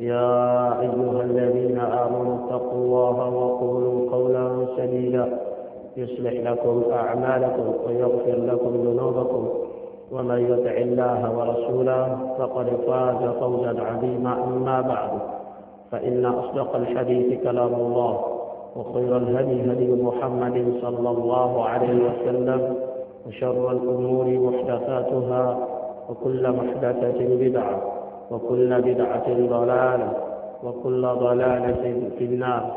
يا أيها الذين آمنوا اتقوا الله وقولوا قولا سديدا يصلح لكم أعمالكم ويغفر لكم ذنوبكم ومن يطع الله ورسوله فقد فاز فوزا عظيما أما بعد فإن أصدق الحديث كلام الله وخير الهدي هدي محمد صلى الله عليه وسلم وشر الأمور محدثاتها وكل محدثة بدعة وكل بدعة ضلالة وكل ضلالة في النار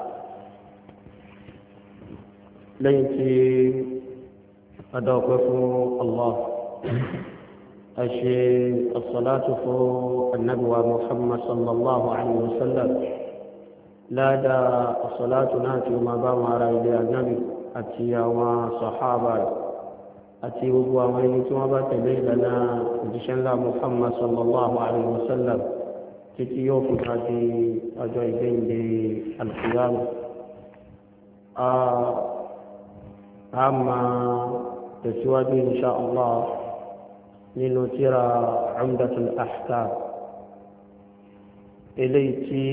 ليتي أدوقف الله أشي الصلاة فوق النبوة محمد صلى الله عليه وسلم لا دا الصلاة ناتي وما بام على النبي أتيا وصحابه àti gbogbo àwọn ẹni tí wọ́n bá tẹ̀lé ìlànà òjíṣẹ́ ńlá Muhammad sallallahu alayhi wa sallam títí yóò fi ká di ọjọ́ ìgbéǹde alùpùpù. a máa tẹ̀síwájú insha allah nínú tíra Umdatul Ahkam eléyìí tí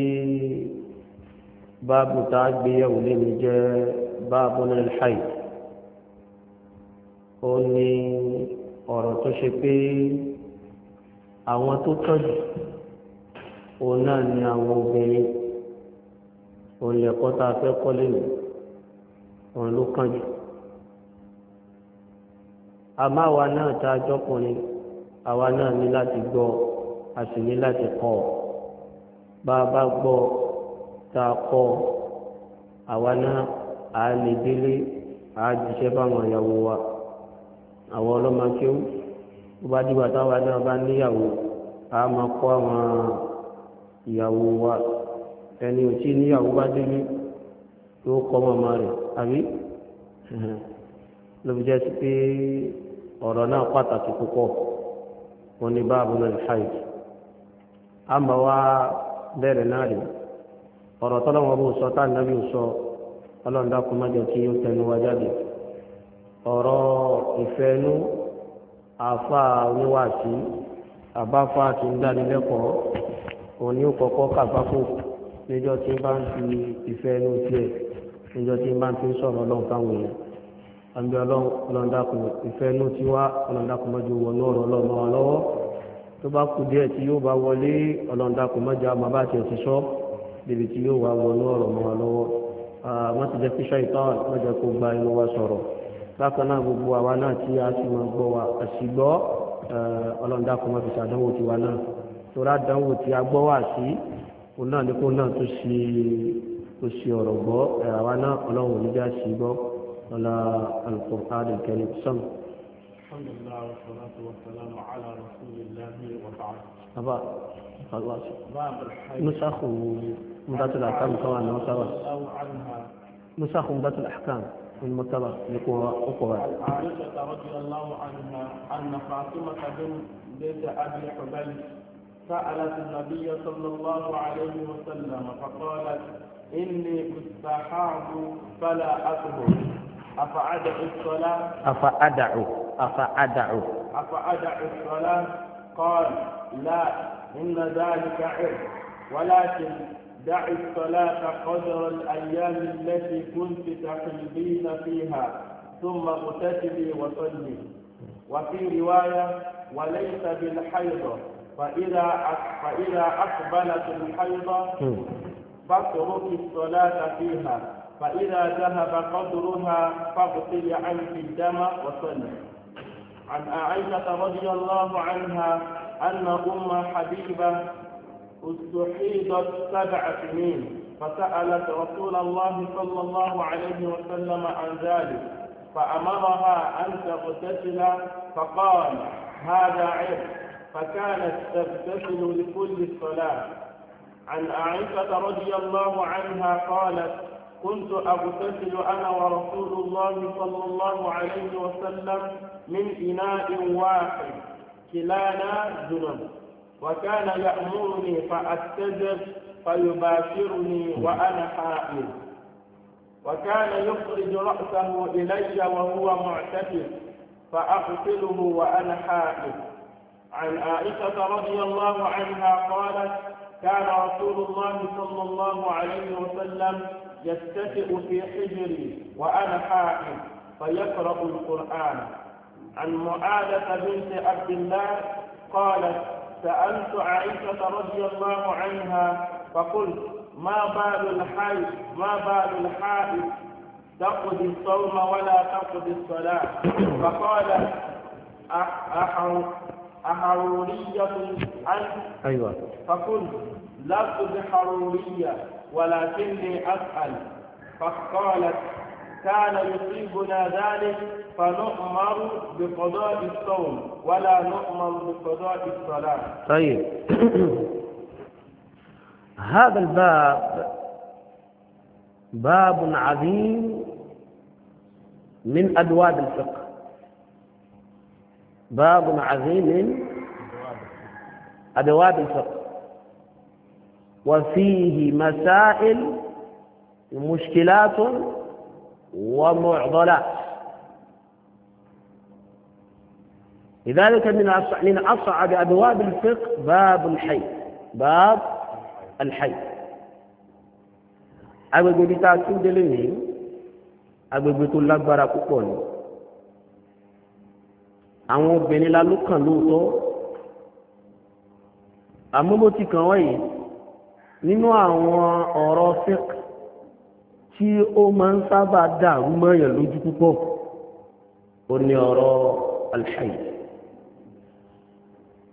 báàbù tá a gbéyàwó lé mi jẹ́ báàbù nílùú haid ó ní ọ̀rọ̀ tó ṣe pé àwọn tó tọ́jú òun náà ni àwọn obìnrin òun lẹ̀kọ́ tá a fẹ́ kọ́ lẹ́nu òun ló kàn jù àmọ́ àwa náà tá a jọkùnrin àwa náà ní láti gbọ́ a sì ní láti kọ́ ọ bá a bá gbọ́ tá a kọ́ àwa náà àá lè délé àá jíṣẹ́ báwọn ìyàwó wa àwọn ọlọ́mọ akéwù ó bá dìgbà táwọn bá dára bá níyàwó a máa kọ́ àwọn ìyàwó wa ẹni ò tí níyàwó bá délé yóò kọ́ màmá rẹ̀ àbí ló fi jẹ́ sí pé ọ̀rọ̀ náà pàtàkì púpọ̀ wọn ni báàbù náà lè ṣáì a máa wá bẹ̀rẹ̀ náà rè ọ̀rọ̀ tọ́lọ́wọ́n bó sọ táà nábì sọ ọlọ́run dákú kí ó tẹnu wa jáde ọ̀rọ̀ ìfẹ́nú àfa oníwàásí àbáfa tí ń dánilẹ́kọ̀ọ́ òun ní kọ́kọ́ kàgbákò níjọ́ tí ń bá ń fi ìfẹ́nú tiẹ̀ níjọ́ tí ń bá ń fi sọ̀rọ̀ ọlọ́run fáwọn èèyàn àbí ọlọ́run dákun ìfẹ́nú tiwa ọlọ́run dákun mọ́jú wọnú ọ̀rọ̀ ọlọ́run wọn lọ́wọ́ tó bá kú díẹ̀ tí yóò bá wọlé ọlọ́run mọ́jú àmọ́ bá tiẹ̀ ti sọ débi tí yóò wá wọnú ọ̀rọ̀ wọn lọ́wọ́ wọ́n ti jẹ́ kíṣọ́ ìtọ́ wọ́n jẹ́ kó gba inú wa sọ̀rọ̀ bákan náà gbogbo àwa náà tí a sì máa gbọ́ wa àṣìgbọ́ eh, ọlọ́run dákun má fi ṣàdánwò tiwa náà torí àdánwò tí a gbọ́ wà sí òun náà ní kó náà tó ṣe tó ṣe ọ̀rọ̀ gbọ́ eh, àwa náà ọlọ́run ò ní já sí gbọ́ ọlá al-Qur'an al-Karim sọ́nù. alhamdulillah wa salatu wa salamu ala rasulillah wa ba'd. bàbá bàbá musa kò mú bàtúlà kàmù káwọn àná sáwà musa kò mú bàtúlà kàmù. لقراء أقوى عائشة رضي الله عنها أن فاطمة بنت أبي حبيب سألت النبي صلى الله عليه وسلم فقالت إني مستحاض فلا أطهر أفأدع الصلاة أفأدع أفأدع أفأدع الصلاة قال لا إن ذلك عرض ولكن دع الصلاة قدر الأيام التي كنت تقلبين فيها ثم اغتسلي وصلي وفي رواية وليس بالحيض فإذا فإذا أقبلت الحيض فاترك الصلاة فيها فإذا ذهب قدرها فاغسلي عنك الدم وصلي عن عائشة رضي الله عنها أن أم حبيبة استحيضت سبع سنين فسألت رسول الله صلى الله عليه وسلم عن ذلك فأمرها أن تغتسل فقال هذا عيب فكانت تغتسل لكل الصلاة عن عائشة رضي الله عنها قالت كنت أغتسل أنا ورسول الله صلى الله عليه وسلم من إناء واحد كلانا ذنب وكان يأمرني فأستجب فيباشرني وأنا حائل وكان يخرج رأسه إلي وهو معتكف فأغسله وأنا حائل عن عائشة رضي الله عنها قالت كان رسول الله صلى الله عليه وسلم يتكئ في حجري وأنا حائل فيقرأ القرآن عن معاذة بنت عبد الله قالت سألت عائشة رضي الله عنها فقلت ما بال الحي ما بال الحائض تقضي الصوم ولا تقضي الصلاة فقال أحرورية أنت أيوة فقلت لست بحرورية ولكني أسأل فقالت كان يصيبنا ذلك فنؤمر بقضاء الصوم ولا نؤمر بقضاء الصلاة طيب هذا الباب باب عظيم من أدواب الفقه باب عظيم من أدواب الفقه وفيه مسائل مشكلات ومعضلات لذلك من من أصعب أبواب الفقه باب الحي باب الحي agbègbè bí tá a tún délé ní agbègbè tó lágbára púpọ̀ ni àwọn obìnrin la ló kàn lóòótọ́ àmọ́ bó ti kàn wọ́n yìí nínú àwọn ọ̀rọ̀ fíkì tí ó máa ń sábà dàrú mọ́yàn lójú púpọ̀ ó ní ọ̀rọ̀ alhaid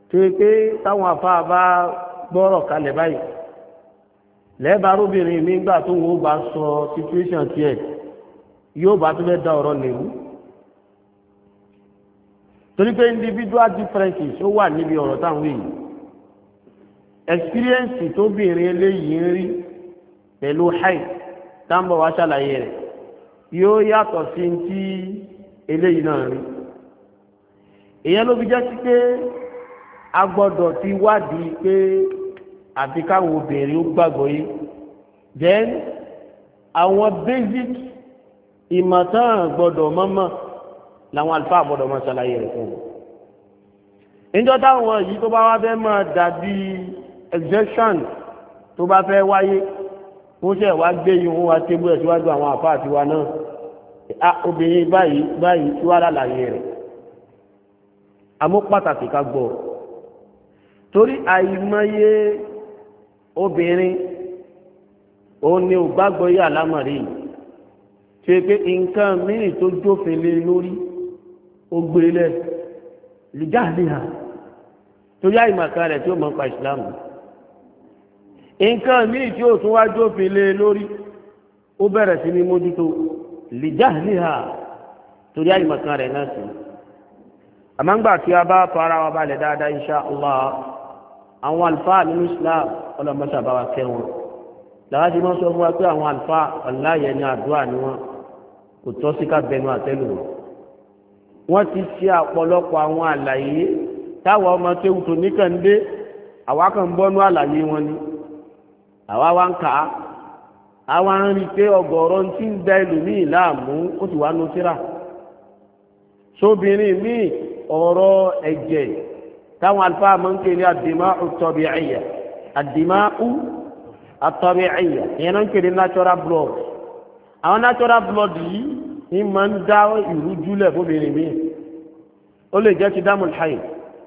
tó yẹ pé táwọn afáà bá gbọ́rọ̀ kalẹ̀ báyìí lẹ́ẹ̀bárúbìnrin mi gbà tó wọ́n bá sọ situation tiẹ̀ yóò bá tó fẹ́ da ọ̀rọ̀ nìyí torí pé individual differences ó wà níbi ọ̀rọ̀ táwọn èyí experience tóbìnrin eléyìí ń rí pẹ̀lú height táǹbọ̀ wá ṣàlàyé rẹ̀ yóò yàtọ̀ sí tí eléyìí náà rí èyàn ló fi jẹ́ sí pé a gbọ́dọ̀ ti wádìí pé àti káwọn obìnrin ó gbàgbọ́ yìí then àwọn basic ìmọ̀tán gbọ́dọ̀ mọ́mọ́ làwọn àlùfáà gbọ́dọ̀ mọ́ ṣàlàyé rẹ̀ fún wọn níjọ́ táwọn yìí tó bá wá fẹ́ máa dàbí exemption tó bá fẹ́ wáyé ó ṣe wá gbé yìí wọ́n wá tébú ẹ̀ síwájú àwọn àfa àti wa náà a obìnrin báyìí báyìí tí wàá lálàyé rẹ̀ àmọ́ pàtàkì ká gbọ́ torí àìmọye obìnrin òun ni ò gbàgbọ́ yìí àlámọ̀rí yìí ṣe pé nǹkan mìíràn tó jófin lé lórí ó gbélé lìjáàlì hàn torí àìmọ̀kan rẹ̀ tí ó mọ̀ pa ìsìlámù nǹkan míì tí ó tún wá jófin lé lórí ó bẹ̀rẹ̀ sí ní mójútó lìjà níhà torí àyùmọ̀kan rẹ̀ náà sí àmọ́ngbà tí a bá fara wa balẹ̀ dáadáa insha Allah àwọn àlùfáà nínú Islam ọlọ́mọṣà bá wa kẹ́ wọn làwọn ti máa ń sọ fún wa pé àwọn àlùfáà ọ̀láyẹ ni àdúrà ni wọn kò tọ́ sí ká bẹnu àtẹ́lù wọn wọ́n ti ṣe àpọ̀lọpọ̀ àwọn àlàyé táwọn ọmọ kéwù tó níkàndé àwa kan bọ́nú àlàyé wọn ni àwa wá ń kà á àwa ń rí i pé ọgọ́rọ̀ ti ń da ẹlòmíì láàmú ó sì wá nu síra sóbìnrin míì ọ̀rọ̀ ẹ̀jẹ̀ táwọn àlùfáà máa ń pè ní ad-dima'u at-tabi'iyya ad-dima'u at ìyẹn náà ń pè ní natural blood àwọn natural blood yìí ní máa ń dá ìrújúlẹ̀ fóbìnrin míì ó lè jẹ́ ti dámùl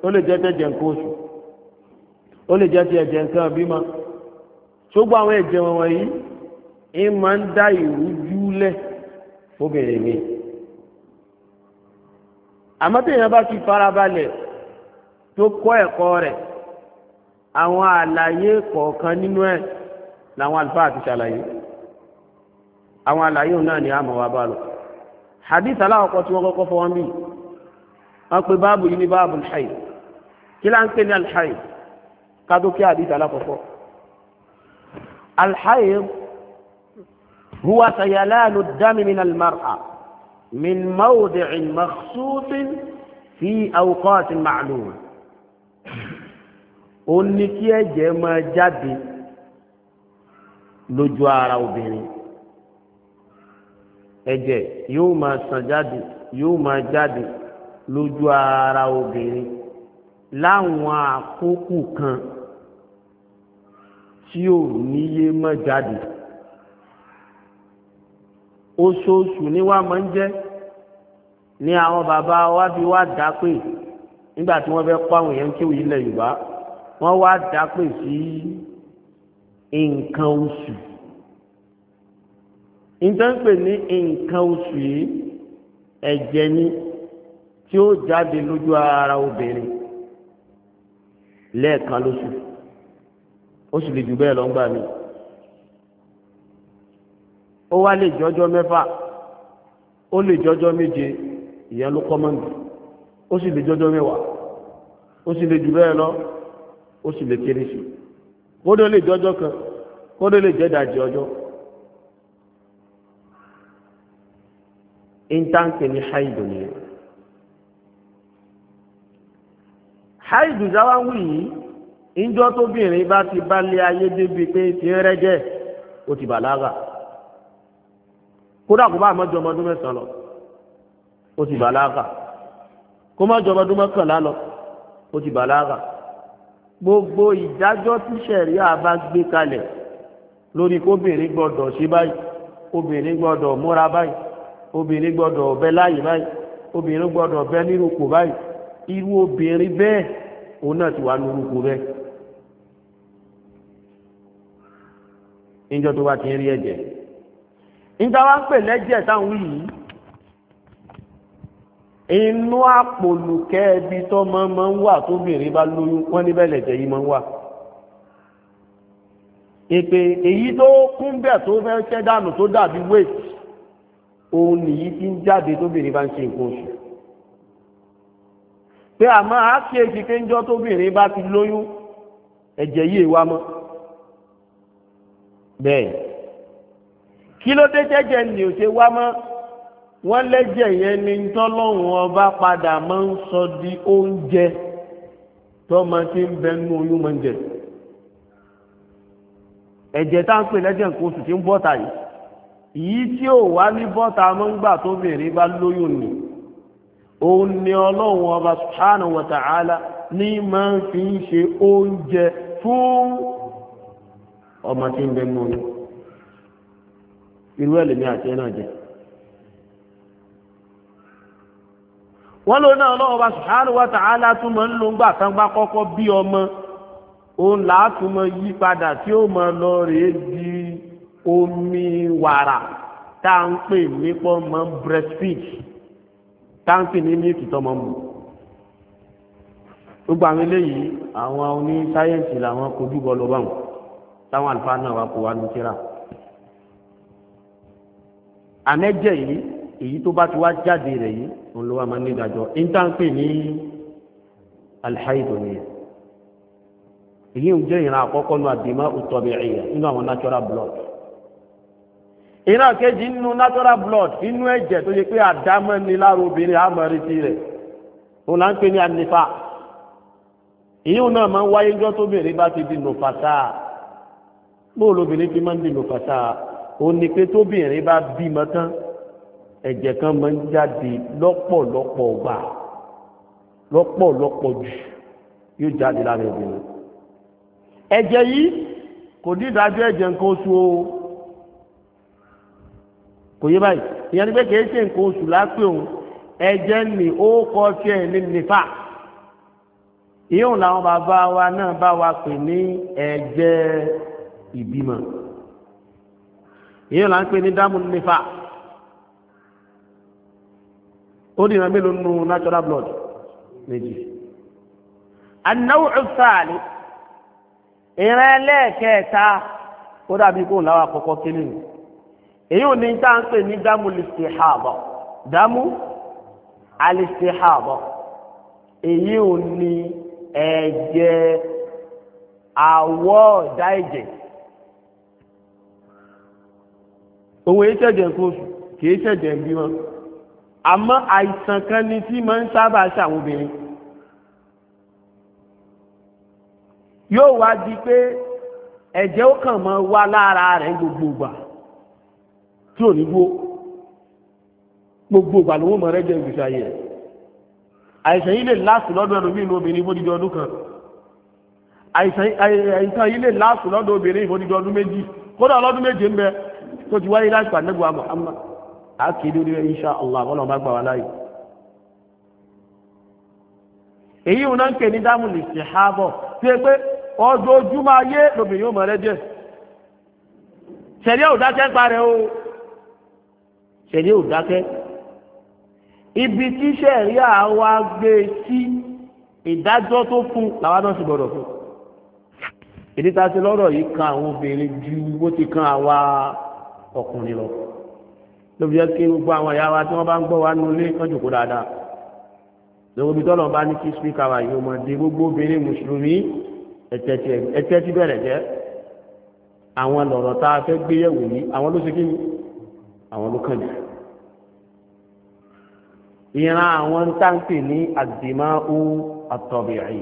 ó lè jẹ́ ti ẹ̀jẹ̀ nǹkan oṣù ó lè jẹ́ ti ẹ̀jẹ̀ nǹkan bímọ gbogbo àwọn ẹ̀jẹ̀ wọn wọ̀nyí ń máa ń dá ìrújú lẹ̀ fóbìnrin mi àmọ́ téèyàn bá ti farabalẹ̀ tó kọ́ ẹ̀kọ́ rẹ̀ àwọn àlàyé kọ̀ọ̀kan nínú ẹ̀ làwọn àlùfáà ti ṣàlàyé àwọn àlàyé òun náà ni a mọ̀ wá bá lọ hadith aláwọ̀kọ́ tí wọ́n kọ́kọ́ fọwọ́n bí wọ́n pe báàbù yìí ní báàbù alhaid kí láń ní alhaid ká tó kí hadith alákọ̀ọ́kọ́ الحيض هو سيلان الدم من المرأة من موضع مخصوص في أوقات معلومة ق ا جدي لجوار او بني اجي يوم سجدي يوم جدي لجوار او بني لا و tí ò níye mọ́ jáde oṣooṣù ni wá máa ń jẹ́ ní àwọn bàbá wa bí wá dá pé nígbà tí wọ́n fẹ́ kọ́ àwọn èèyàn kéwì ilẹ̀ Yorùbá wọ́n wá dá sí nǹkan oṣù nǹkan pè ní nǹkan oṣù yìí ẹ̀jẹ̀ ni tí ó jáde lójú ara obìnrin lẹ́ẹ̀kan lóṣù ó sì lè jù bẹ́ẹ̀ lọ ń gbà mí ó wá lè jọjọ́ mẹ́fà ó lè jọjọ́ méje ìyẹn ló kọ́mọ̀ǹdì ó sì lè jọjọ́ mẹ́wàá ó sì lè jù bẹ́ẹ̀ lọ ó sì lè kéré sí kódó lè jọjọ́ kan kódó lè jẹ́ dàjì ọjọ́. intanke ni haidu ni haidu zawa wuyi ìjọ tóbìnrin bá ti balẹ̀ ayé débi pé ti ń rẹ́jẹ́ ó ti bàlágà kódà kó bá àmọ́jọ ọmọdún mẹ́sàn-án lọ ó ti bàlágà kó má jọ ọmọdún mọ́kànlá lọ ó ti bàlágà gbogbo ìdájọ́ tí sẹ̀ríà bá gbé kalẹ̀ lórí kóbìnrin gbọ́dọ̀ ṣe báyìí obìnrin gbọ́dọ̀ múra báyìí obìnrin gbọ́dọ̀ ọ̀bẹ láyè báyìí obìnrin gbọ́dọ̀ ọ̀bẹ nírúkọ báyìí irú obìnrin bẹ́ẹ̀ òun náà ti wà nírúkọ bẹ́ẹ̀. níjọ́ tó bá ti rí ẹ̀jẹ̀ níta wá ń pè lẹ́jẹ̀ táwọn wí yìí inú àpòlùkẹ́ ẹbí tó máa máa ń wà tóbìnrin bá lóyún wọ́n níbẹ̀ lẹ̀jẹ̀ yìí máa ń wà èpè èyí tó kún bẹ̀ tó fẹ́ ṣẹ́ dànù tó dàbí wéètì òun nìyí tí ń jáde tóbìnrin bá ń ṣe nǹkan oṣù pé àmọ́ àákíyèsí pé ń jọ́ tóbìnrin bá ti lóyún ẹ̀jẹ̀ yìí wá mọ́ bẹ́ẹ̀ kí ló dé jẹ́jẹ́ ni ò ṣe wá mọ́ wọ́n lẹ́jẹ̀ yẹn ni tọ́lọ́run ọba padà máa ń sọ di oúnjẹ tọ́mọ tí ń bẹ nínú oyún máa ń jẹ ẹ̀jẹ̀ tá ń pè lẹ́jẹ̀ nǹkan oṣù tí ń bọ́ta yìí yìí tí ò wá ní bọ́ta máa ń gbà tóbìnrin bá lóyún ni òun ni ọlọ́run ọba subhanahu wa ní máa ń fi ń ṣe oúnjẹ fún ọmọ tí ń bẹ mú mi irú ẹlẹmi àti ẹ jẹ wọn lò náà lọ́wọ́ bá subhanahu wa ta'ala tún máa ń lo ńgbà kan bá kọ́kọ́ bí ọmọ òun làátún yí padà tí ó máa lọ rèé di omi wàrà tá à ń pè ní pọ́ mọ́ breastfeed tá à ń pè ní mílíkì tọ́mọ mu gbogbo àwọn eléyìí àwọn oní sáyẹ́ǹsì làwọn kojú bọ́ lọ́wọ́ àwọn táwọn àlùfáà náà wà kó wá ní tíra àmẹ́jẹ̀ yìí èyí tó bá ti wá jáde rẹ̀ yìí òun ló wà máa ní ìdájọ́ intanpe ní alhaidu ni èyí ń jẹ́ ìran àkọ́kọ́ nu àbímá òtọ́bìrìyà nínú àwọn natural blood ìran kejì nínú natural blood inú ẹ̀jẹ̀ tó yẹ pé àdámọ́ ni lára obìnrin àmọ́rìtì rẹ̀ òun là ń pè ní anifa èyí náà máa ń wáyé jọ́ tóbìnrin bá ti di nùfàtà. No bóòlù obìnrin ti máa ń dìbò fàṣà ó ní pé tóbìnrin bá bímọ tán ẹ̀jẹ̀ kan máa ń jáde lọ́pọ̀lọpọ̀ gbà lọ́pọ̀lọpọ̀ jù yóò jáde lára obìnrin ẹ̀jẹ̀ yìí kò ní ìdájọ́ ẹ̀jẹ̀ nǹkan oṣù o kò yé báyìí ìyẹn ni pé kìí ṣe nǹkan oṣù lápé òun ẹ̀jẹ̀ ni ó kọ sí ẹ̀ ní nífà ìyóhùn làwọn bàbá wa náà bá wa pè ní ẹ̀jẹ̀ ìbímọ ìyẹn là ń pè ní dáàmú nífà ó ní ìran mélòó nínú natural blood méjì anáwó ìfàlì ìran ẹlẹ́ẹ̀kẹta ó dàbí kó làwọn àkọ́kọ́ kéde nù èyí ò ní tá à ń pè ní dáàmú lìsìhàbọ̀ dáàmú alìsìhàbọ̀ èyí ò ní ẹ̀jẹ̀ àwọ̀ ọ̀dá òun èyí ṣẹ̀jẹ̀ nǹkan oṣù kì ṣẹ̀jẹ̀ bí kan ni tí máa ń sábà ṣàwọn obìnrin yóò wá di pé ẹ̀jẹ̀ ó kàn máa wá lára rẹ̀ gbogbo tí ò ní gbó gbogbo ló wọ́n mọ̀ rẹ́jẹ̀ ìgbésí ayé rẹ̀ àìsàn yìí lè lọ́dọ̀ ẹnu kan àìsàn yìí lè lọ́dọ̀ obìnrin ọdún méjì kódà ọlọ́dún méje ń tó ti wáyé láti pàdé gbà Muhammad àkìdí orí insha Allah àwọn ọmọ gbà wá láyé èyí wọn náà ń pè ní dáàmù lè ṣe ààbọ̀ tí pé ọjọ́júmọ́ ayé lóbìnrin ó mọ̀ rẹ́ díẹ̀ ṣẹ̀rí ò dákẹ́ ń parẹ́ o ṣẹ̀rí ò dákẹ́ ibi tí ṣẹ̀rí àwa gbé sí ìdájọ́ tó fún làwọn náà sì gbọ́dọ̀ fún ìdí sí lọ́rọ̀ yìí kan àwọn obìnrin ju bó ti kan àwa ọkùnrin lọ lóbi jẹ́ kí gbogbo àwọn ìyá wa tí wọ́n bá ń gbọ́ wa nínú ilé kan jòkó dáadáa lọ́wọ́ ibi tọ́lọ̀ bá ní kí spíkà wa yìí ọmọ dé gbogbo obìnrin mùsùlùmí ẹ̀tẹ́ ti bẹ̀rẹ̀ jẹ́ àwọn lọ̀rọ̀ tá a fẹ́ gbéyẹ̀wò yìí àwọn ló ṣe kí ni àwọn ló kàn jù ìran àwọn táǹpì ní àdìmáhù àtọ̀bìrì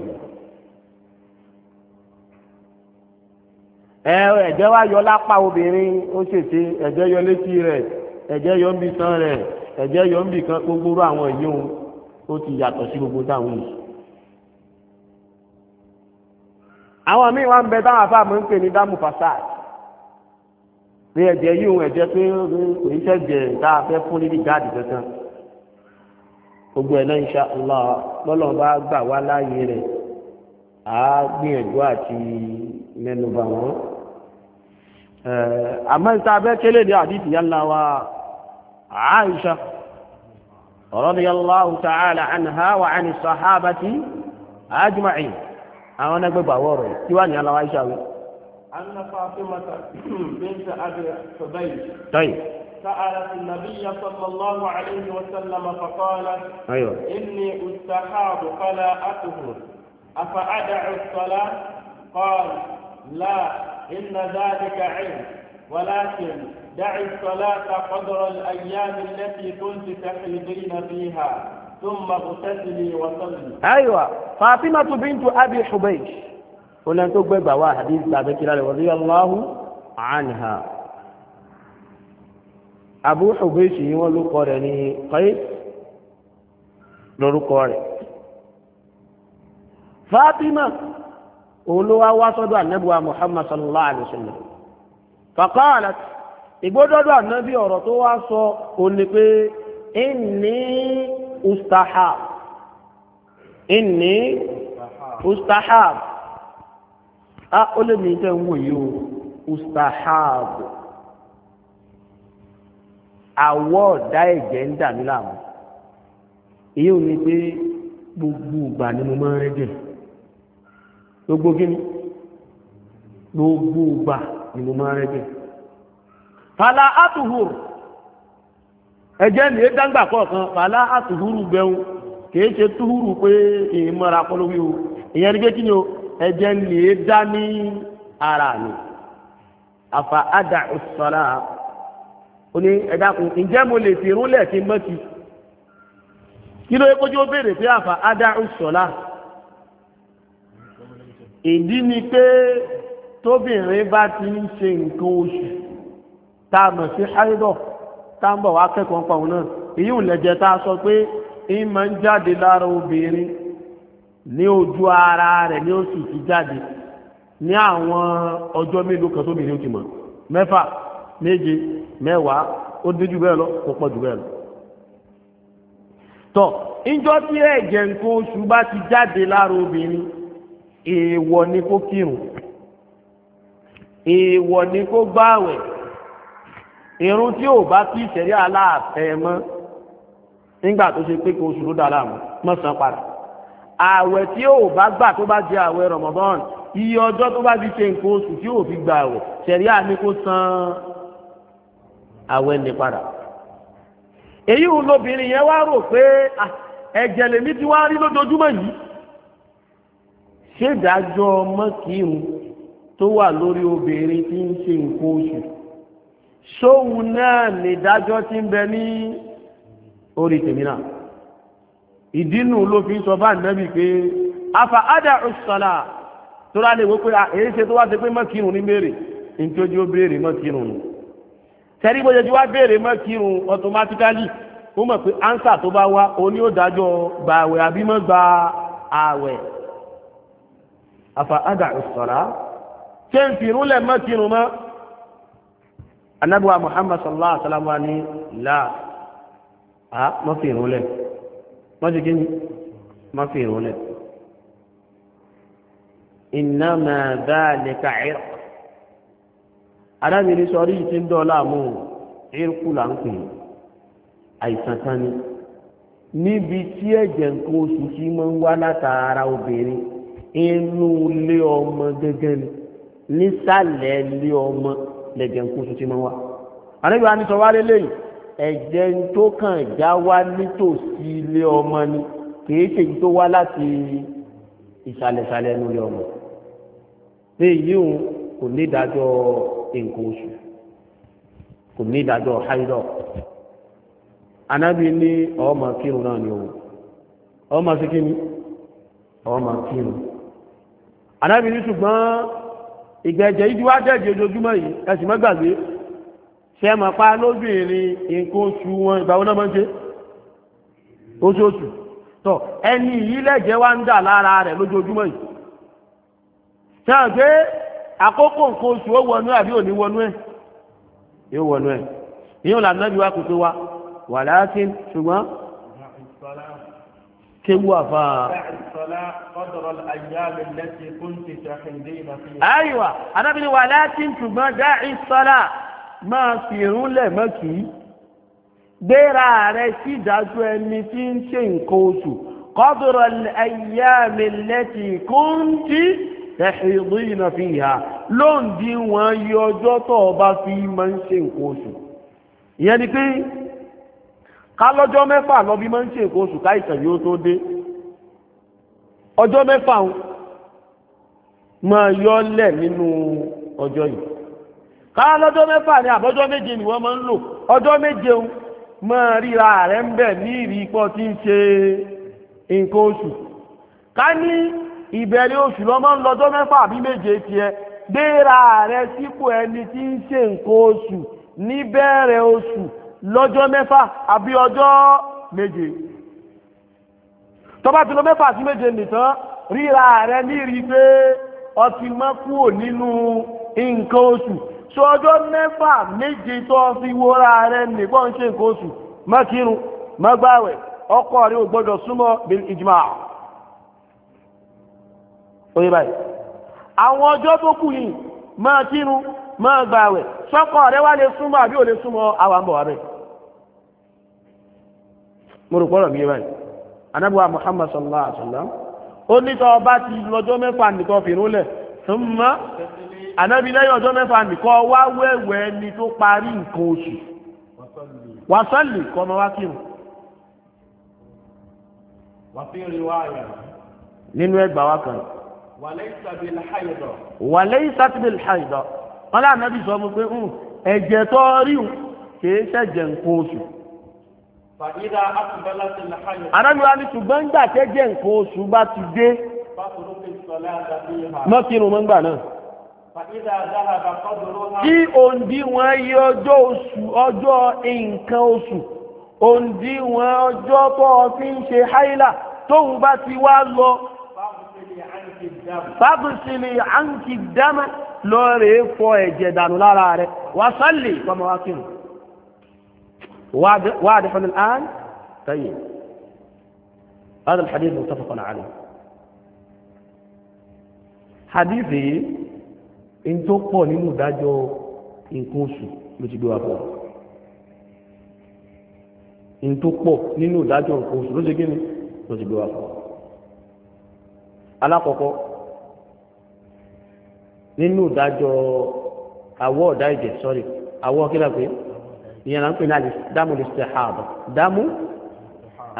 ẹ ẹ̀jẹ̀ wá yọ lápá obìnrin ó ṣèṣe ẹ̀jẹ̀ yọ létí rẹ̀ ẹ̀jẹ̀ yọ ń bi tán rẹ̀ ẹ̀jẹ̀ yọ ń bi kan gbogbo àwọn èyí òun ó ti yàtọ̀ sí gbogbo táwọn yìí. àwọn míì wá ń bẹ táwọn afáàmù ń pè ní dámù fasad pé ẹ̀jẹ̀ yìí òun ẹ̀jẹ̀ pé kò ní sẹ́jẹ̀ tá a fẹ́ fún níbi gáàdì kankan gbogbo ẹ̀ náà insha Allah lọ́lọ́ bá gbà wá láàyè rẹ̀ àá gbìyànjú àti mẹ́nuba wọn. Eh, àmọ́ ìta abẹ́ kélé ní àdìsí yálà wa Aisha radiyallahu ta'ala anha wa ani sahabati ajma'in àwọn ẹgbẹ́gbà wọ́ọ̀rọ̀ tí wà ní aláwa Aisha wí. anna Fatimata bint Abi Hubaysh. tọ́yì. سألت النبي صلى الله إن ذلك علم ولكن دع الصلاة قدر الأيام التي كنت تحلقين فيها ثم اغتسلي وصلي أيوة فاطمة بنت أبي حبيش قلنا أنتم بقى حديث بعد رضي الله عنها أبو حبيش يقول قرني قيس لورو قرني فاطمة olówó wá sọ́dọ̀ ànábùwà muhammad sallallahu alayhi wa sallam ìgbódọ́dọ̀ ànábì ọ̀rọ̀ tó wá sọ òní pé inni ustahab inni ustahab a ó lè ní ìtẹ́ o ustahab àwọ̀ ọ̀dá ẹ̀jẹ̀ ń dà mí ò ní pé gbogbo ìgbà ni mo gbogbo gíní gbogbo gbà ni mo máa rẹ́ bẹ́ẹ̀. fàlà àtùhùr ní dáńgbà kọ̀ọ̀kan àtùhùrù kìí ṣe túhùrù pé ìmọ̀ra pọ́lọ́wí o ìyẹn ní pé ni o ẹ̀jẹ̀ ní ni ara ni, ìdí ni pé tóbìnrin bá ti ń ṣe nǹkan oṣù tá a mọ̀ sí háídọ̀ tá ń bọ̀ wá kẹ́kọ̀ọ́ pàwọn náà èyí ò lẹ̀jẹ̀ tá a sọ pé ń máa ń jáde lára obìnrin ní ojú ara rẹ̀ ní oṣù ti jáde ní àwọn ọjọ́ mélòó kan tóbìnrin ti mọ̀ mẹ́fà méje mẹ́wàá ó dín jù bẹ́ẹ̀ lọ kò pọ̀ jù bẹ́ẹ̀ lọ. tọ́ ìjọ tí ẹ̀jẹ̀ nǹkan oṣù bá ti jáde lára obìnrin èèwọ̀ ni kó kírun èèwọ̀ ni kó gbààwẹ̀ irun tí ò bá tí ìṣẹ̀rí aláàfẹ́ mọ́ nígbà tó ṣe pé kò sùúrù dára mọ́ mọ́sàn padà ààwẹ̀ tí ò bá gbà tó bá jẹ ààwẹ̀ Ramadan iye ọjọ́ tó bá fi ṣe nǹkan oṣù tí ò fi gbà ààwẹ̀ ṣẹ̀rí àní kó san ààwẹ̀ ní padà èyí ń lóbìnrin yẹn wá rò pé ah, ẹ̀jẹ̀ lèmi ti wá rí lójoojúmọ́ yìí ṣé ìdájọ́ mọ́kìrún tó wà lórí obìnrin tí ń ṣe nǹkan oṣù ṣóhun náà nìdájọ́ tí ń bẹ ní orí tèmi ìdínú ló fi sọ bá nẹ́bí pé afa ada ọ̀ṣọ́lá tó rà lè wó pé èyí ṣe tó wá ṣe pé mọ́kìrún ní béèrè nítorí ó béèrè mọ́kìrún nù tẹ́rí bó ṣe ti wá béèrè mọ́kìrún automatically ó mọ̀ pé ánsà tó bá wá o ní ó dájọ́ gbààwẹ̀ àbí má gba afa ada usoro. ten firu le ma tinu ma anabu wa ni la a ma firu le ma je gini ma firu le inna ma dhalika irq ara mi ni sori ti ndo la mu irqu la ni bi ti e je nko su ti wa latara obirin inú ilé ọmọ gẹ́gẹ́ ni nísàlẹ̀ ilé ọmọ lẹ̀gẹ̀ ń kó tuntun máa wà. àníbi àni sọ wá lélẹ́yìn ẹ̀jẹ̀ tó kàn já wá nítòsí ilé ọmọ ni kìí ṣe tó wá láti ìsàlẹ̀sàlẹ̀ ẹnu ilé ọmọ. pé yíò kò ní ìdájọ́ nǹkan oṣù kò ní ìdájọ́ haidọ̀. ànábì ní ọmọ kírun náà ni òun ọmọ sí kí ni ọmọ kírun anábì ní ṣùgbọ́n ìgbẹ̀jẹ̀ ìdí wá jẹ́jẹ́ ojoojúmọ́ yìí ẹ̀sìn má gbàgbé ṣe é máa pa lóbìnrin nǹkan oṣù wọn ìgbà wọn náà máa ń ṣe oṣooṣù tó ẹni yìí lẹ́jẹ̀ wá ń dà lára rẹ̀ lójoojúmọ́ yìí sáà pé àkókò nǹkan oṣù ó wọnú àbí òní wọnú ẹ̀ yóò wọnú ẹ̀ ìyóò lànà bí wá kò tó wa wà láti ṣùgbọ́n kéwú àfa. ayiwa anábìrin wà láti ṣùgbọ́n dá ìsọ́lá máa fi irun lẹ̀ mọ́kì gbéra rẹ̀ sí ìdájọ́ ẹni tí ń ṣe nǹkan oṣù kọ́dọ̀rọ̀ ẹ̀yà mi lẹ́tì kúńtì ẹ̀ṣìdìnà fi hà lóǹdí wọn yí tó o bá fi máa ń ṣe nǹkan oṣù ìyẹn ni pé ká lọ́jọ́ mẹ́fà lọ bí máa ń ṣe nǹkan oṣù káìsàn yóò tó dé ọjọ́ mẹ́fà máa lẹ̀ nínú ọjọ́ yìí ká lọ́jọ́ mẹ́fà ni àbọ́jọ́ méje ni wọ́n máa ń lò ọjọ́ méje máa ríra rẹ̀ ń bẹ̀ ní ìrì tí ń ṣe ní ìbẹ̀rẹ̀ oṣù lọ lọ́jọ́ mẹ́fà méje tiẹ̀ gbéra ẹni tí ń ṣe nǹkan oṣù níbẹ̀rẹ̀ lọ́jọ́ mẹ́fà àbí ọjọ́ méje tọ́ba tí lọ mẹ́fà sí méje nìtàn ríra rẹ níri pé ọtí mọ́ kúrò nínú nǹkan oṣù sọ ọjọ́ mẹ́fà méje tó fi ra rẹ nìbọn ń ṣe nǹkan oṣù má rẹ ò gbọ́dọ̀ súnmọ́ oye báyìí àwọn ọjọ́ tó kù yìí rẹ lè súnmọ́ àbí ò lè súnmọ́ àwọn mọ̀rọ̀pọ̀rọ̀ mi rẹ̀ anábíwá muhammad sallallahu alaihi wasallam ó ní tọ́ ọba ti lọ́jọ́ mẹ́fà nìkan fìrún lẹ̀ súnmọ́ anábí lẹ́yìn ọjọ́ mẹ́fà nìkan wá wẹ̀wẹ̀ ẹni tó parí nǹkan oṣù wàsọ́lì kọ́ ọmọ wá kírun. nínú ẹgbà wa kan. wàlẹ́ ìsàtìbìlì haidọ̀ wọn láàánú ẹbí sọ fún pé ẹ̀jẹ̀ tó rí kì ṣẹ̀jẹ̀ nǹkan oṣù fàdídà àtúbọ̀lá ti là hàyè. anáwó ni ṣùgbọ́n ń gbà tẹ́jẹ́ nǹkan oṣù bá ti dé. mọ́kìrún mọ́ ń gbà náà. Tí òǹdí wọn yí ọjọ́ oṣù ọjọ́ nǹkan oṣù, òǹdí wọn ọjọ́ tó fi ń ṣe háìlà tóun bá ti wá lọ. Fábùsìlì àǹkì dámà lọ rèé fọ ẹ̀jẹ̀ dànù lára rẹ̀, wàá sálè kọmọ wákìrùn. واضح, واضح الآن طيب هذا الحديث متفق عليه حديثي ان tó pọ̀ nínú ìdájọ́ nǹkan oṣù ló ti gbé wa pọ̀ in tó pọ̀ nínú ìdájọ́ nǹkan oṣù ló ti gbé ni ló ti gbé wa pọ̀ alákọ̀ọ́kọ́ nínú ìdájọ́ àwọ̀ ọ̀dá ìjẹ̀ sọ́rí àwọ̀ kílà pé ìyẹn là ń pè ní dámù alìsìtìhàbà dámù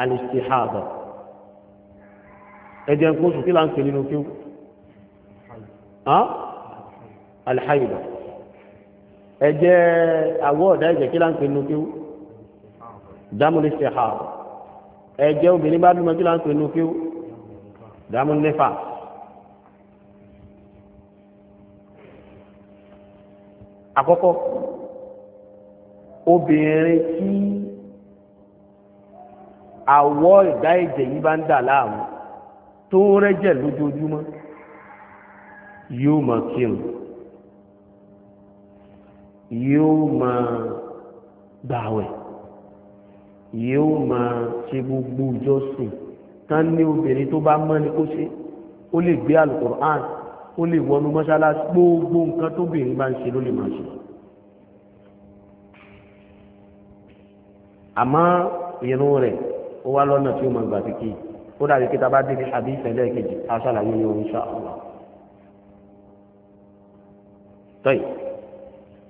alìsìtìhàbà ẹ̀jẹ̀ nǹkan oṣù kí là ń pè nínú kí alìhàyìbà ẹ̀jẹ̀ àwọ̀ ọ̀dá ẹ̀jẹ̀ kí là ń pè nínú kí dámù obìnrin bá bímọ kí là ń pè nínú kí àkọ́kọ́ obìnrin tí àwọ̀ ìdá ẹ̀jẹ̀ yìí bá ń dà láàmú tó ń rẹ́jẹ̀ lójoojúmọ́ yóò máa kírun yóò máa gbàwẹ̀ yóò máa ṣe gbogbo ìjọsìn tán ní obìnrin tó bá mọ́ ni kó ṣe ó lè gbé alukur'an ó lè wọnú mọ́ṣáláṣí gbogbo nǹkan tóbìnrin bá ń ṣe ló lè máa ṣe. àmọ́ irun rẹ̀ ó wá lọ́nà tí ó mọ̀ gbà kíkì ó dàbí kí tábà délé àbí ìfẹ́lẹ́ kejì aṣáláyé ní orin ṣáàlá. tọ́yì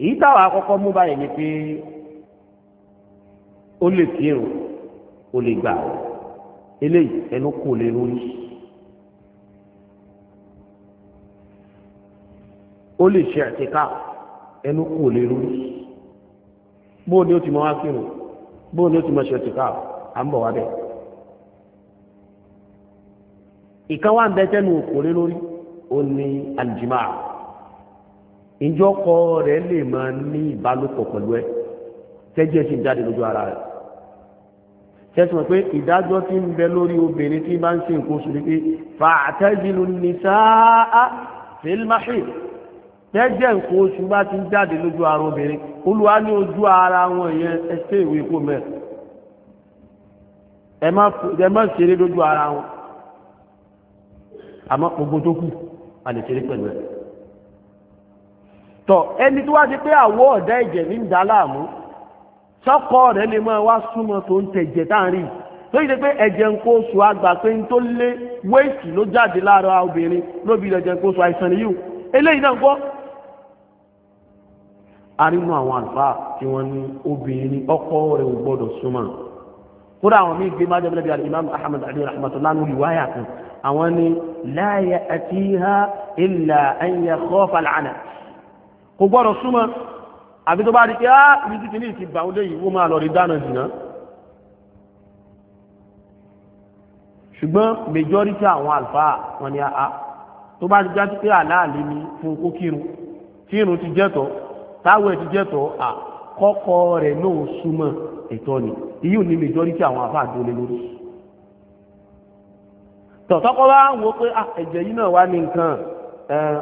èyí táwọn akọ́kọ́ mú báyìí ni pé ó lè kírun ó lè gbà eléyìí ẹnu kò lè lórí. ó lè ṣe àtìká ẹnu kò lè lórí. bóòdì ó ti mọ wá kírun bóò ní ó ti mọ̀ ṣe òtìká à ń bọ̀ wá bẹ́ẹ̀ ìkan wá ń bẹ tẹ́nu kò lé lórí ó ní àlìjìmá ìjọkọ rẹ̀ lè máa ní ìbálòpọ̀ pẹ̀lú ẹ tẹ́jú ẹ̀ jáde lójú ara rẹ̀ tẹ́sùn pé ìdájọ́ tí ń bẹ lórí obìnrin tí bá ń ṣe nǹkan oṣù ní pé fàtẹ́jìlú nìsáà fìlmáṣì tẹ́jẹ̀ nǹkan oṣù bá ti ń jáde lójú ara obìnrin olúwa ní ojú ara wọn yẹn ẹ ṣe ìwé kó mẹ́ ẹ má ṣeré lójú ara wọn àmọ́ gbogbo tó kù a lè ṣeré pẹ̀lú ẹ̀ tọ ẹni tó wá ti pé àwọ̀ ọ̀dá ẹ̀jẹ̀ ní ìdáláàmú sọ́kọ rẹ̀ lè máa wá súnmọ́ tó ń tẹ̀jẹ̀ táàrin tó yìí pé ẹ̀jẹ̀ nǹkan oṣù àgbà pé ń tó lé wéèkì ló jáde lára obìnrin lóbi ẹ̀jẹ̀ nǹkan oṣù àìsàn nìyí eléyìí náà gbọ́ arínú àwọn àlùfáà tí wọ́n ní obìnrin ọkọ rẹ̀ ò gbọ́dọ̀ súnmọ́ kódà àwọn míì gbé májèlé bíi alimami ahmed ali rahmatulah ní olùwáyà kan àwọn ní láyà àti ha ilà ẹ̀yẹ kọ́fà làánà kò gbọ́dọ̀ súnmọ́ àbí tó bá rí pé áá ah, ibi títí ní ìtìbà ó léyìí wọ́n máa lọ rí dáná jìnnà ṣùgbọ́n majority àwọn àlùfáà wọn ni a ah, ah. tó bá ti pé àlàálí ni fún kókírun tí ti jẹ́tọ̀ọ́ táwọn ẹ̀dí tọ́ à rẹ̀ náà súnmọ́ ẹ̀tọ́ ni ìyí ní majority àwọn àfáàdó lé lórí tọ̀tọ́kọ́ bá ń wo pé ẹ̀jẹ̀ yìí náà wá ní nǹkan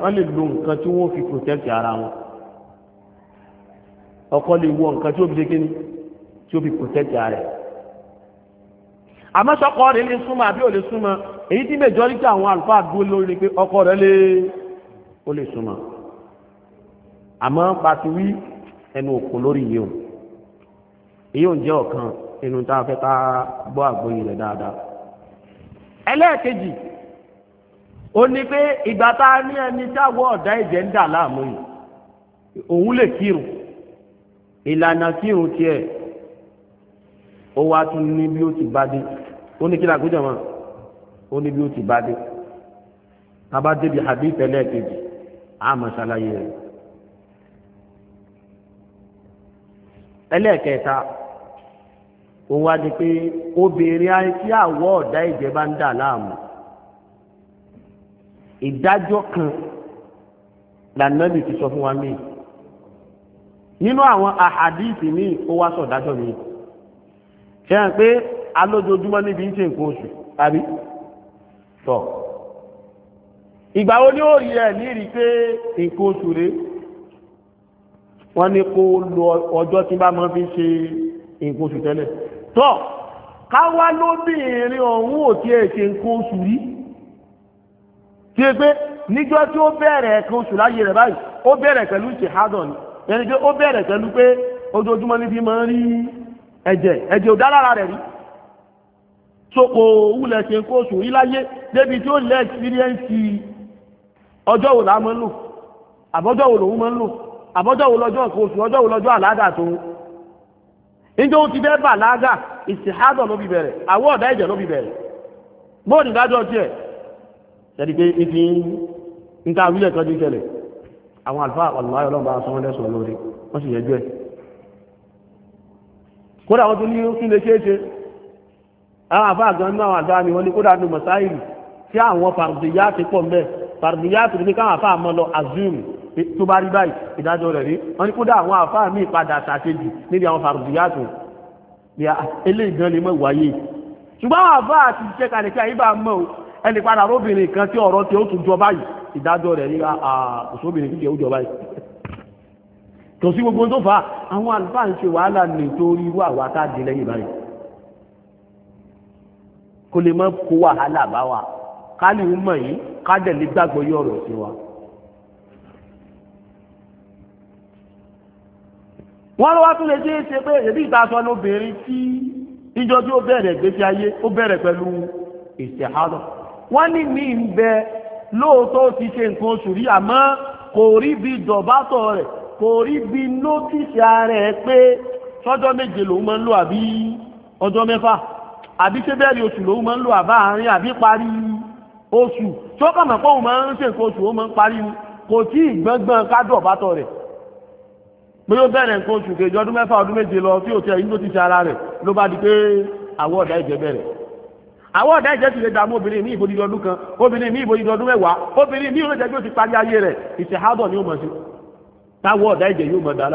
wọ́n lè lo nǹkan tí fi protect ara wọn ọkọ lè wọ nǹkan tí ó fi ṣe kíni tí ó fi protect ara rẹ̀ àmọ́ sọ́kọ rẹ̀ lè súnmọ́ àbí ò lè súnmọ́ èyí tí majority àwọn lórí pé ọkọ rẹ̀ lè ó lè àmọ́ pàtí wí ẹnu òkú lórí yìí o èyí ò ń jẹ́ ọ̀kan inú tá a fẹ́ ká gbọ́ àgbóyè rẹ̀ dáadáa ẹlẹ́ẹ̀kejì ó ní pé ìgbà tá a ní ẹni táwọ̀ ọ̀dá ẹ̀jẹ̀ ń dà láàmú yìí òun lè kírun ìlànà kírun tiẹ̀ ó wá tún ní bí ó ti bá dé ó ní kí làgójà mọ́ ó ní bí ó ti bá dé tá a bá débi àbí ìtẹ́lẹ̀ kejì ṣàlàyé rẹ̀. ẹlẹ́ẹ̀kẹta òun wá di pé obìnrin àti àwọ̀ ọ̀dá ìjẹ́ bá ń dà láàmú ìdájọ́ kan lànàbì ti sọ fún wa míì nínú àwọn àhàdíìsì míì ó wá sọ ìdájọ́ míì ṣe hàn pé alójoojúmọ́ níbi ń ṣe nǹkan oṣù tàbí tọ̀ ìgbà wo ni ó rí ẹ̀ ní rí pé nǹkan oṣù rèé wọ́n ní kó lo ọjọ́ tí bá máa fi ṣe nǹkan oṣù tẹ́lẹ̀ tọ́ káwá lóbìnrin ọ̀hún ò tí ẹ̀ ṣe nǹkan oṣù rí tí ẹ pé níjọ́ tí ó bẹ̀rẹ̀ nǹkan oṣù láyé rẹ̀ báyìí ó bẹ̀rẹ̀ pẹ̀lú ṣe hádàn ẹni pé ó bẹ̀rẹ̀ pẹ̀lú pé ojoojúmọ́ ní fi máa ń rí ẹ̀jẹ̀ ẹ̀jẹ̀ ò dá rẹ̀ rí soko wúlẹ̀ ṣe nǹkan oṣù rí láyé débi tí ó lẹ́ experience ọjọ́ wo làá máa ń lò àbọ́jọ́ wo àbọ́jọ́ wo lọ́jọ́ nǹkan oṣù ọjọ́ wo lọ́jọ́ àládà tó níjọ́ ó ti fẹ́ bàlágà ìsìhádọ̀ ló fi bẹ̀rẹ̀ àwọ̀ ọ̀dá ẹ̀jẹ̀ ló fi bẹ̀rẹ̀ bóòdì dájọ́ tiẹ̀ ṣẹ́ni pé ibi ń ta wílẹ̀ kan ti ṣẹlẹ̀ àwọn àlùfáà ọ̀lùmáyọ̀ ọlọ́run bá sọ́wọ́n lẹ́sọ̀ọ́ lórí wọ́n sì yẹjú ẹ̀ kódà wọ́n tún ní kí lè ṣeéṣe àwọn àfáà gan náà àgbà ni wọ́n ní kódà ní mọ̀sáìlì tí àwọn fàrdìyà ti pọ̀ mẹ́ fàrdìyà ti ní káwọn àfáà mọ́ lọ azum tó bá rí báyìí ìdájọ́ rẹ̀ rí wọ́n ní kódà àwọn àfáà míì padà ṣàṣejù níbi àwọn fàrùdíyàtò ní eléyìí gan lè mọ̀ wáyé ṣùgbọ́n àwọn àfáà ti jẹ́ kalẹ̀ kí àyíbá mọ̀ o ẹni padà róbìnrin kan tí ọ̀rọ̀ tí ó tún jọ báyìí ìdájọ́ rẹ̀ ní àkùsóbìnrin tí ó jọ báyìí kò sí gbogbo tó fà àwọn àlùfáà ń ṣe wàhálà nítorí irú àwa tá a di lẹ́yìn báyìí kó lè mọ́ kó wàhálà bá wa ká lè mọ̀ yìí ká dẹ̀ lè gbàgbọ́ yọ̀rọ̀ sí wa. wọ́n lọ́wọ́ tún lè ṣeé ṣe pé èdè ìtasọ lóbìnrin tí ìjọ tí ó bẹ̀rẹ̀ gbèsè ayé ó bẹ̀rẹ̀ pẹ̀lú ìṣèhálọ̀ wọ́n ní mí ń bẹ lóòótọ́ ti ṣe nǹkan oṣù rí àmọ́ kò rí bí dọ̀bátọ̀ rẹ̀ kò rí bí nótìsì ara ẹ̀ pé sọ́jọ́ méje lòun máa ń lò àbí ọjọ́ mẹ́fà àbí ṣé bẹ́ẹ̀ ni oṣù lòun máa ń lò àbá àbí parí oṣù tó kàmọ̀ pé òun máa ń ṣe nǹkan oṣù ó máa ń parí kò tí ì gbọ́ngbọ́n ká dọ̀bátọ̀ rẹ̀ pé ó bẹ̀rẹ̀ nǹkan oṣù kejì ọdún mẹ́fà ọdún méje lọ tí òtí ẹ̀yìn tó ti ṣe ara rẹ̀ ló bá di pé àwọ̀ ọ̀dà ìjẹ́ bẹ̀rẹ̀ àwọ̀ ọ̀dà ìjẹ́ kan obìnrin ní ìbòdì ọdún mẹ́wàá obìnrin ní ìrọ̀jẹ́ tó ti parí ayé rẹ̀ ìṣèhábọ̀ ni ó mọ̀ sí táwọ̀ ọ̀dà yóò mọ̀ dá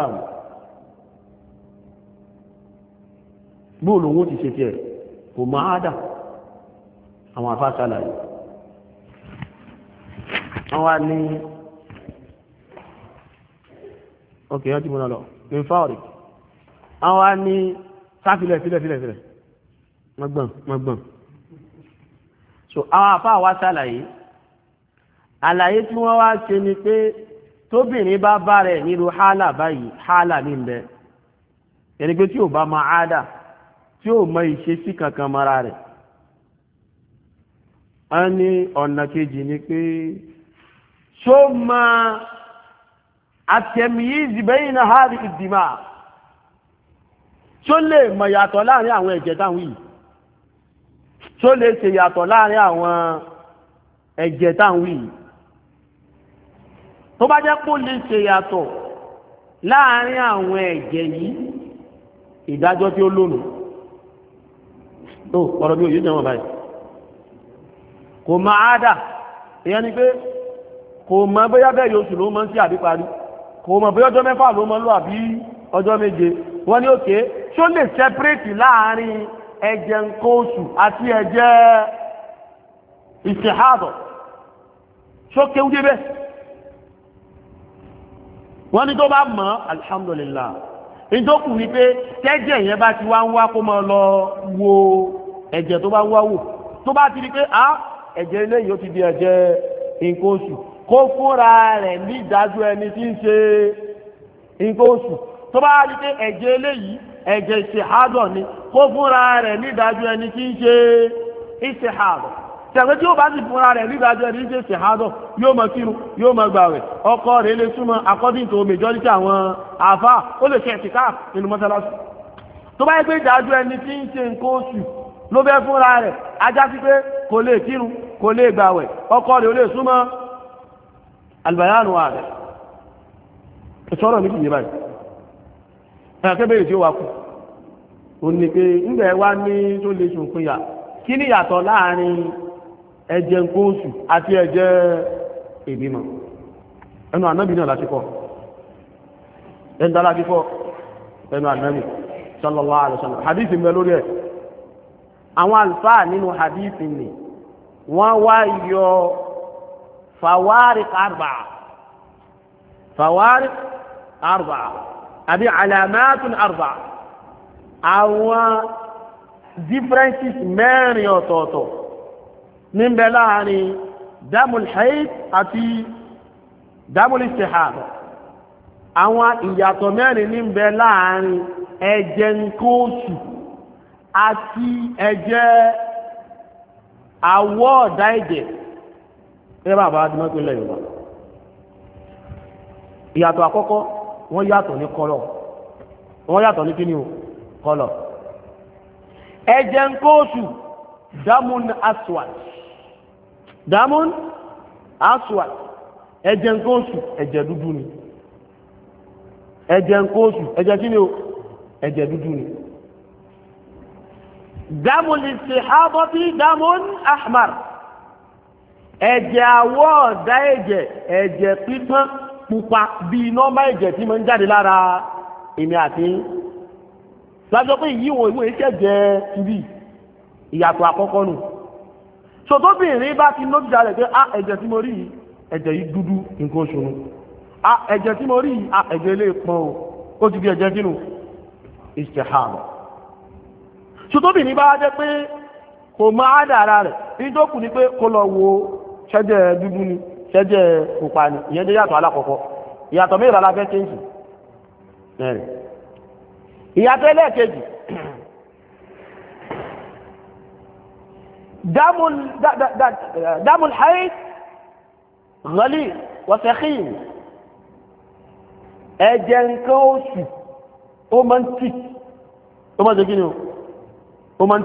láàmú ọkẹ̀ yọ́ ti múná lọ ní fáwọ̀rì àwọn á ní sáfilẹ̀ sílẹ̀ sílẹ̀ sílẹ̀ mọ́gbọ̀n so àwọn àfá wa ṣàlàyé àlàyé tí wọ́n wá ṣe ni pé tóbìnrin bá bá rẹ̀ nílò hálà báyìí hálà ní ń bẹ ẹni pé tí ò bá ma áádà tí ò mọ ìṣesí kankan mara rẹ̀ wọ́n ní ọ̀nà kejì ni pé ṣó máa àtẹ̀míyìzì bẹ́yìn náà hàrí ìdìmá tí ó lè mọ̀ yàtọ̀ láàrin àwọn ẹ̀jẹ̀ táwọn yìí tí ó lè ṣe yàtọ̀ láàrin àwọn ẹ̀jẹ̀ táwọn yìí tó bá jẹ́ kó lè ṣe yàtọ̀ láàrin àwọn ẹ̀jẹ̀ yìí ìdájọ́ tí ó lónìí tó ọ̀rọ̀ bí òye jẹ́wọ̀n báyìí kò máa dà ìyẹn ni pé kò mọ bóyá bẹ́ẹ̀ yóò kò mọ̀ bí ọjọ́ mẹ́fà ló mọ́ lọ àbí ọjọ́ méje wọ́n ní òkè ṣó lè sẹ́pẹ́rẹ́tì láàárín ẹ̀jẹ̀ nǹkan oṣù àti ẹ̀jẹ̀ ìṣèhádọ̀ ṣó kéwú débẹ̀ wọ́n ní tó bá mọ̀ alhamdulillah ìdókù ni pé tẹ́jẹ̀ yẹn bá ti wá ń wá kó mọ́ lọ wo ẹ̀jẹ̀ tó bá wá wò tó bá ti di pé ah ẹ̀jẹ̀ eléyìí ó ti di ẹ̀jẹ̀ nǹkan oṣù kó fúnra rẹ̀ ní ìdájọ́ ẹni tí ń ṣe nǹkan oṣù tó bá rí pé ẹ̀jẹ̀ eléyìí ẹ̀jẹ̀ ìṣèhádọ̀ ni kó fúnra rẹ̀ ní ìdájọ́ ẹni tí ń ṣe ìṣèhádọ̀ tẹ̀wé tí ó bá sì fúnra rẹ̀ nígbàjọ́ ẹni ṣe ṣèhádọ̀ yóò mọ kírun yóò mọ gbàwẹ̀ ọkọ rẹ̀ lè súnmọ́ according to majority àwọn àfa ó lè ṣe ẹ̀sìn káà nínú mọ́sálásí. tó bá yẹ pé ìdájọ́ ẹni tí ń ṣe nǹkan oṣù ló fẹ́ fúnra rẹ̀ ajá sí pé kò lè kírun kò lè gbàwẹ̀ ọkọ rẹ̀ ó lè súnmọ́ albayanu ààrẹ ìṣọ́rọ̀ méjì yìí báyìí ẹ̀kẹ́bẹ̀rẹ̀ tí ó wà kú o ní pé ńgbẹ̀ wá ní tó ni yàtọ̀ láàrin ẹ̀jẹ̀ nǹkan oṣù àti ẹ̀jẹ̀ ìbímọ ẹnu ànábì náà láti kọ́ ẹnu dára kíkọ́ ẹnu ànábì sallallahu alaihi hadith ń bẹ lórí ẹ̀ فوارق أربعة فوارق أربعة أبي علامات أربعة أو differences mẹ́rin ọ̀tọ̀ọ̀tọ̀ níbẹ̀ láàrin damul haid àti damul istihada àwọn ìyàtọ̀ mẹ́rin níbẹ̀ láàrin ẹ̀jẹ̀ nǹkan oṣù àti ẹ̀jẹ̀ àwọ̀ ọ̀dá ẹ̀jẹ̀ ẹ bá bá adúmọ́ pé lẹ́yìn wa ìyàtọ̀ àkọ́kọ́ wọ́n yàtọ̀ ní kọ́lọ̀ wọ́n yàtọ̀ ní kíni o kọ́lọ̀ ẹ̀jẹ̀ nǹkan oṣù damun aswad damun aswad ẹ̀jẹ̀ nǹkan oṣù ẹ̀jẹ̀ dúdú ni ẹ̀jẹ̀ nǹkan oṣù ẹ̀jẹ̀ kíni o ẹ̀jẹ̀ dúdú ni damun istihaba bí damun ahmar. ẹ̀jẹ̀ àwọ̀ ọ̀dá ẹ̀jẹ̀ ẹ̀jẹ̀ pípọ́n pupa bíi nọ́mbà ẹ̀jẹ̀ tí mo ń jáde lára èmi àti lájọ pé ìyí wo ìwé ìṣẹ̀jẹ̀ tìbí ìyàtọ̀ àkọ́kọ́ nù sọtọ́bìnrin bá ti lójú jalè pé a ah, ẹ̀jẹ̀ tí mo rí yìí ẹ̀jẹ̀ yìí dúdú nǹkan oṣù nù a ah, ẹ̀jẹ̀ tí mo rí yìí a ah, ẹ̀jẹ̀ ilé o ó ti di ẹ̀jẹ̀ kínú ìṣẹ̀hàmù sọtọ́bìnrin bá jẹ́ ni pé lọ ṣẹ́jẹ́ dúdú ni ṣẹ́jẹ́ pupa ni ìyẹn jẹ́ yàtọ̀ alákọ̀ọ́kọ́ ìyàtọ̀ mẹ́rin la fẹ́ ṣéǹjì mẹ́rin ìyàtọ̀ ẹlẹ́ẹ̀kejì dámùl haid rọlí wọ́sẹ̀kìn ẹ̀jẹ̀ nǹkan oṣù ó máa ń tì ó máa ń ṣe kí ni ó máa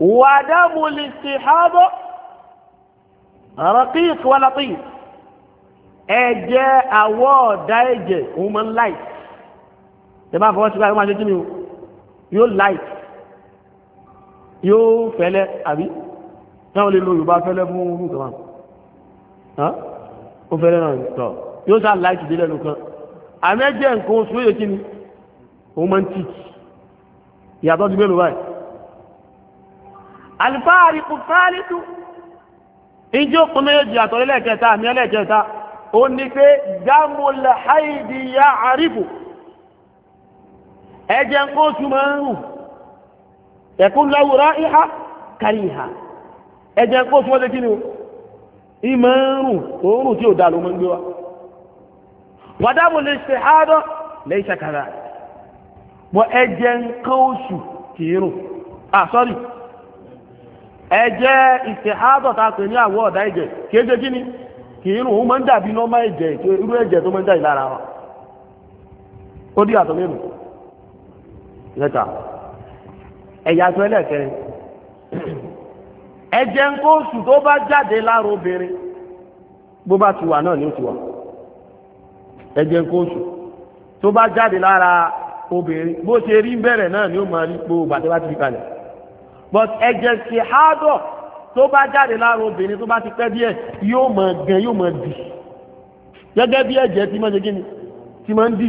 وعدم الاستحاضة رقيق ولطيف ẹ̀jẹ̀ àwọ̀ ọ̀dá ẹ̀jẹ̀ òun máa ń láì tẹ bá fọwọ́ síkà yóò máa ṣe kí ni o yóò láì yóò fẹ́lẹ́ àbí náà lè lo yorùbá fẹ́lẹ́ fún orú kan náà ó fẹ́lẹ́ náà tọ̀ yóò sá láì tìdí lẹ́nu kan àmẹ́jẹ̀ nǹkan oṣù yóò kí ni òun máa ń tì yàtọ̀ sí mélòó báyìí alifáàrí kò fáàrí tú ìjọ kún méjì àtọ̀rẹ́ lẹ́ẹ̀kẹta àmì ẹlẹ́ẹ̀kẹta ó ní pé jámùlá haidi ya àrífò ẹjẹ ń kó oṣù máa ń láwùrá ìhá kárí ìhá ẹjẹ ń kó o ìmọ̀ tí ló wa ẹ̀jẹ̀ ìṣèhádọ̀ tá pè ní àwọ̀ ọ̀dá ẹ̀jẹ̀ kì í ṣe kí ni kì í rùn máa ń dàbí nọ́mà ẹ̀jẹ̀ irú tó máa ń dà wa ó dí àtọ̀ mélòó lẹ́tà ẹ̀yà tó ẹlẹ́kẹrin ẹ̀jẹ̀ nǹkan oṣù tó bá jáde lára obìnrin bó bá ti wà náà ni ó ti wà oṣù tó bá jáde lára obìnrin bó ṣe rí ni ó máa rí gbogbo but ẹ̀jẹ̀ sì hádọ̀ tó bá jáde lára obìnrin tó bá ti pẹ́ díẹ̀ yóò mọ̀ gan yóò mọ̀ dì gẹ́gẹ́ bí ẹ̀jẹ̀ ti mọ́ ṣe gíní ti mọ́ ń dì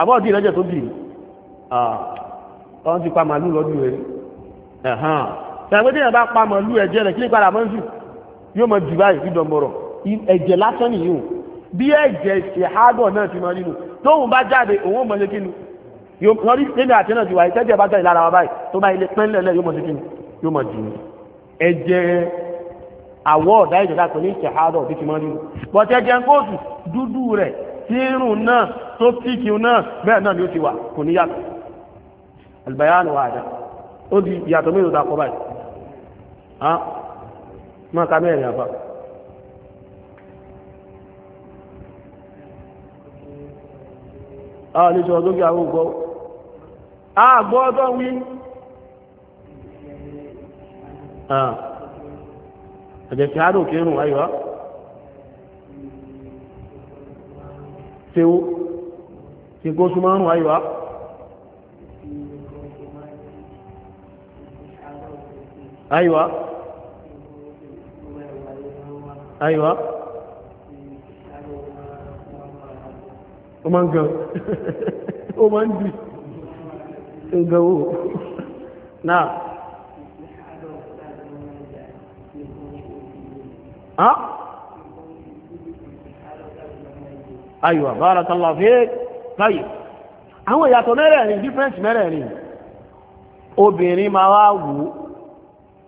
àbọ̀dì ìrẹ́jẹ̀ tó dì ọ̀n ti pa màálù lọ́dún rẹ̀ ẹ̀hàn ṣàgbé tí ìyàbá pa màálù ẹ̀jẹ̀ rẹ̀ kí ní padà mọ́ ń sùn yóò mọ̀ dì báyìí fi dọ̀mọ̀rọ̀ ẹ̀jẹ̀ lásán nìyí bí ẹ̀jẹ̀ ṣe hádọ̀ náà ti mọ́ nínú tóun bá jáde òun mọ̀ ṣe gíní yóò rí tẹ́lẹ̀ àti náà ti wáyé tẹ́jẹ̀ bá jáde lára wa báyìí tó bá ilé pẹ́ńlẹ̀lẹ̀ yóò mọ̀ sí kíni yóò mọ̀ jù ẹ̀jẹ̀ àwọ̀ ọ̀dá ìjọba pẹ̀lú ìṣẹ̀hádọ̀ bí ti mọ́ rí bọ́tí ẹ̀jẹ̀ ń kóòtù dúdú rẹ̀ tírùn náà tó tíkì náà bẹ́ẹ̀ náà ni ó ti wà kò ní yàtọ̀ albayanu wa àdá ó di ìyàtọ̀ mélòó ta kọ́ báyìí Ah, ka mẹ́rin àbá àwọn àlejò ọdún gbé àwọn àgbọ́dọ̀ wí àjẹ̀fẹ́ àdò kírùn ayọ́ tewó tí kó súnmọ́ rùn ayọ́ ayọ́ ayọ́ o ma ń gan o ìgbẹ̀wò náà ha aywa barakallahu fik tayyib àwọn ìyàtọ̀ mẹ́rẹ̀ẹ̀rin difference mẹ́rẹ̀ẹ̀rin obìnrin ma wá wù ú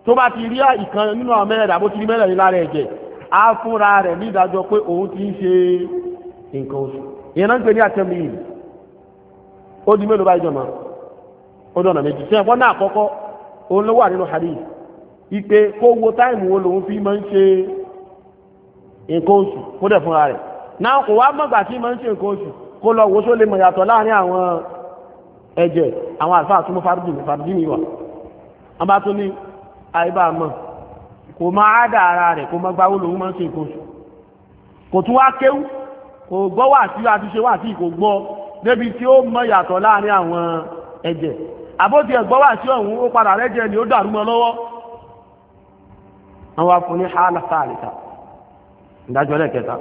tó bá ti rí ìkan nínú àwọn mẹ́rẹ̀ẹ̀dà bó ti rí mẹ́rẹ̀ẹ̀rin lára ẹ̀jẹ̀ á fúnra rẹ̀ ní ìdájọ́ pé òun ti ń ṣe nǹkan oṣù ìyẹn náà ń pè ní àtẹ́mìlì ó di mélòó báyìí jọmọ́ ó dọ̀nà méjì tí ẹ̀fọ́ náà kọ́kọ́ òun ló wà nínú hadith ipe kó wo táìmù wo lòun fi máa ń ṣe nǹkan oṣù kó dẹ̀ fúnra rẹ̀ náà kò wá mọ̀gbà tí máa ń ṣe nǹkan oṣù kó lọ wo só lè mọ̀ yàtọ̀ láàrin àwọn ẹ̀jẹ̀ àwọn àlùfáà tó mú fàdúdì ní fàdúdì ní ìwà wọn bá tó ní àìbá mọ̀ kò má á dà ara rẹ̀ kó mọ́ gbá wo lòun máa ń ṣe nǹkan oṣù kò tún wá kéwú kò gbọ́ wà sí àti wà sí kò gbọ́ débi tí ó mọ̀ yàtọ̀ láàrin àwọn ẹ̀jẹ̀ àbótí ẹ̀gbọ́n wà sí ọ̀hún ó padà rẹ́ jẹ́ ni ó dàrú mọ́ lọ́wọ́ àwọn afúnni hálàfà àríta ìdájọ́ lẹ́kẹta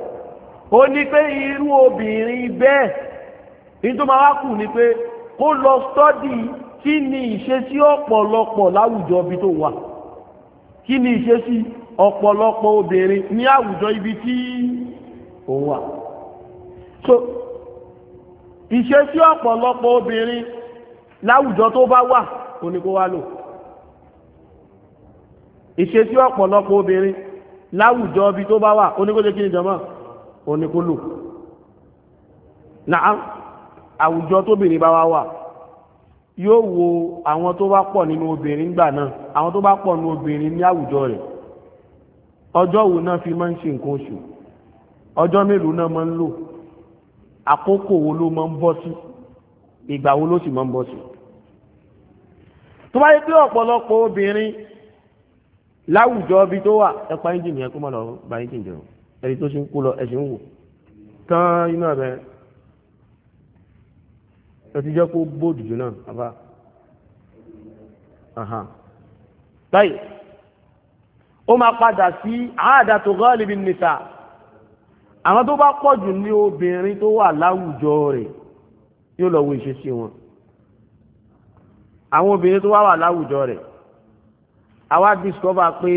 ó ní pé irú obìnrin bẹ́ẹ̀ ní tó máa kù ni pé kó lọ stọ́dì kí ni ìṣesí ọ̀pọ̀lọpọ̀ láwùjọ ibi ni ìṣesí ibi tí òun wà so ìṣesí ọ̀pọ̀lọpọ̀ obìnrin láwùjọ tó bá wà kò ní kó wá lò ìṣesí ọ̀pọ̀lọpọ̀ obìnrin láwùjọ ibi tó bá wà oníkóṣe kí ni jọmọ́ oníkólò náà àwùjọ tóbìnrin bá wá wà yóò wo àwọn tó bá pọ̀ nínú obìnrin gbà náà àwọn tó bá pọ̀ nínú obìnrin ní àwùjọ rẹ̀ ọjọ́ wo náà fi máa ń ṣe nǹkan oṣù ọjọ́ mélòó náà máa ń lò àkókò wo ló máa ń bọ́ sí ìgbà wo ló sì máa ń bọ́ sí tó bá yẹ pé ọ̀pọ̀lọpọ̀ obìnrin láwùjọ ibi tó wà ẹ pa ẹ́ńjìnì yẹn kó má lọ ba ẹ́ńjìnì jẹ́ o ẹni tó ṣe ń kó lọ ẹ̀sìn ń wò tán iná rẹ̀ ẹ ti jẹ́ kó bóòdù jù náà àbá báyìí ó máa padà sí àádá tó gọ́ọ̀lìbí nìta àwọn tó bá pọ̀jù ní obìnrin tó wà láwùjọ rẹ̀ yóò lọ wo ìṣesí wọn àwọn obìnrin tó wá wà láwùjọ rẹ̀ àwa discover pé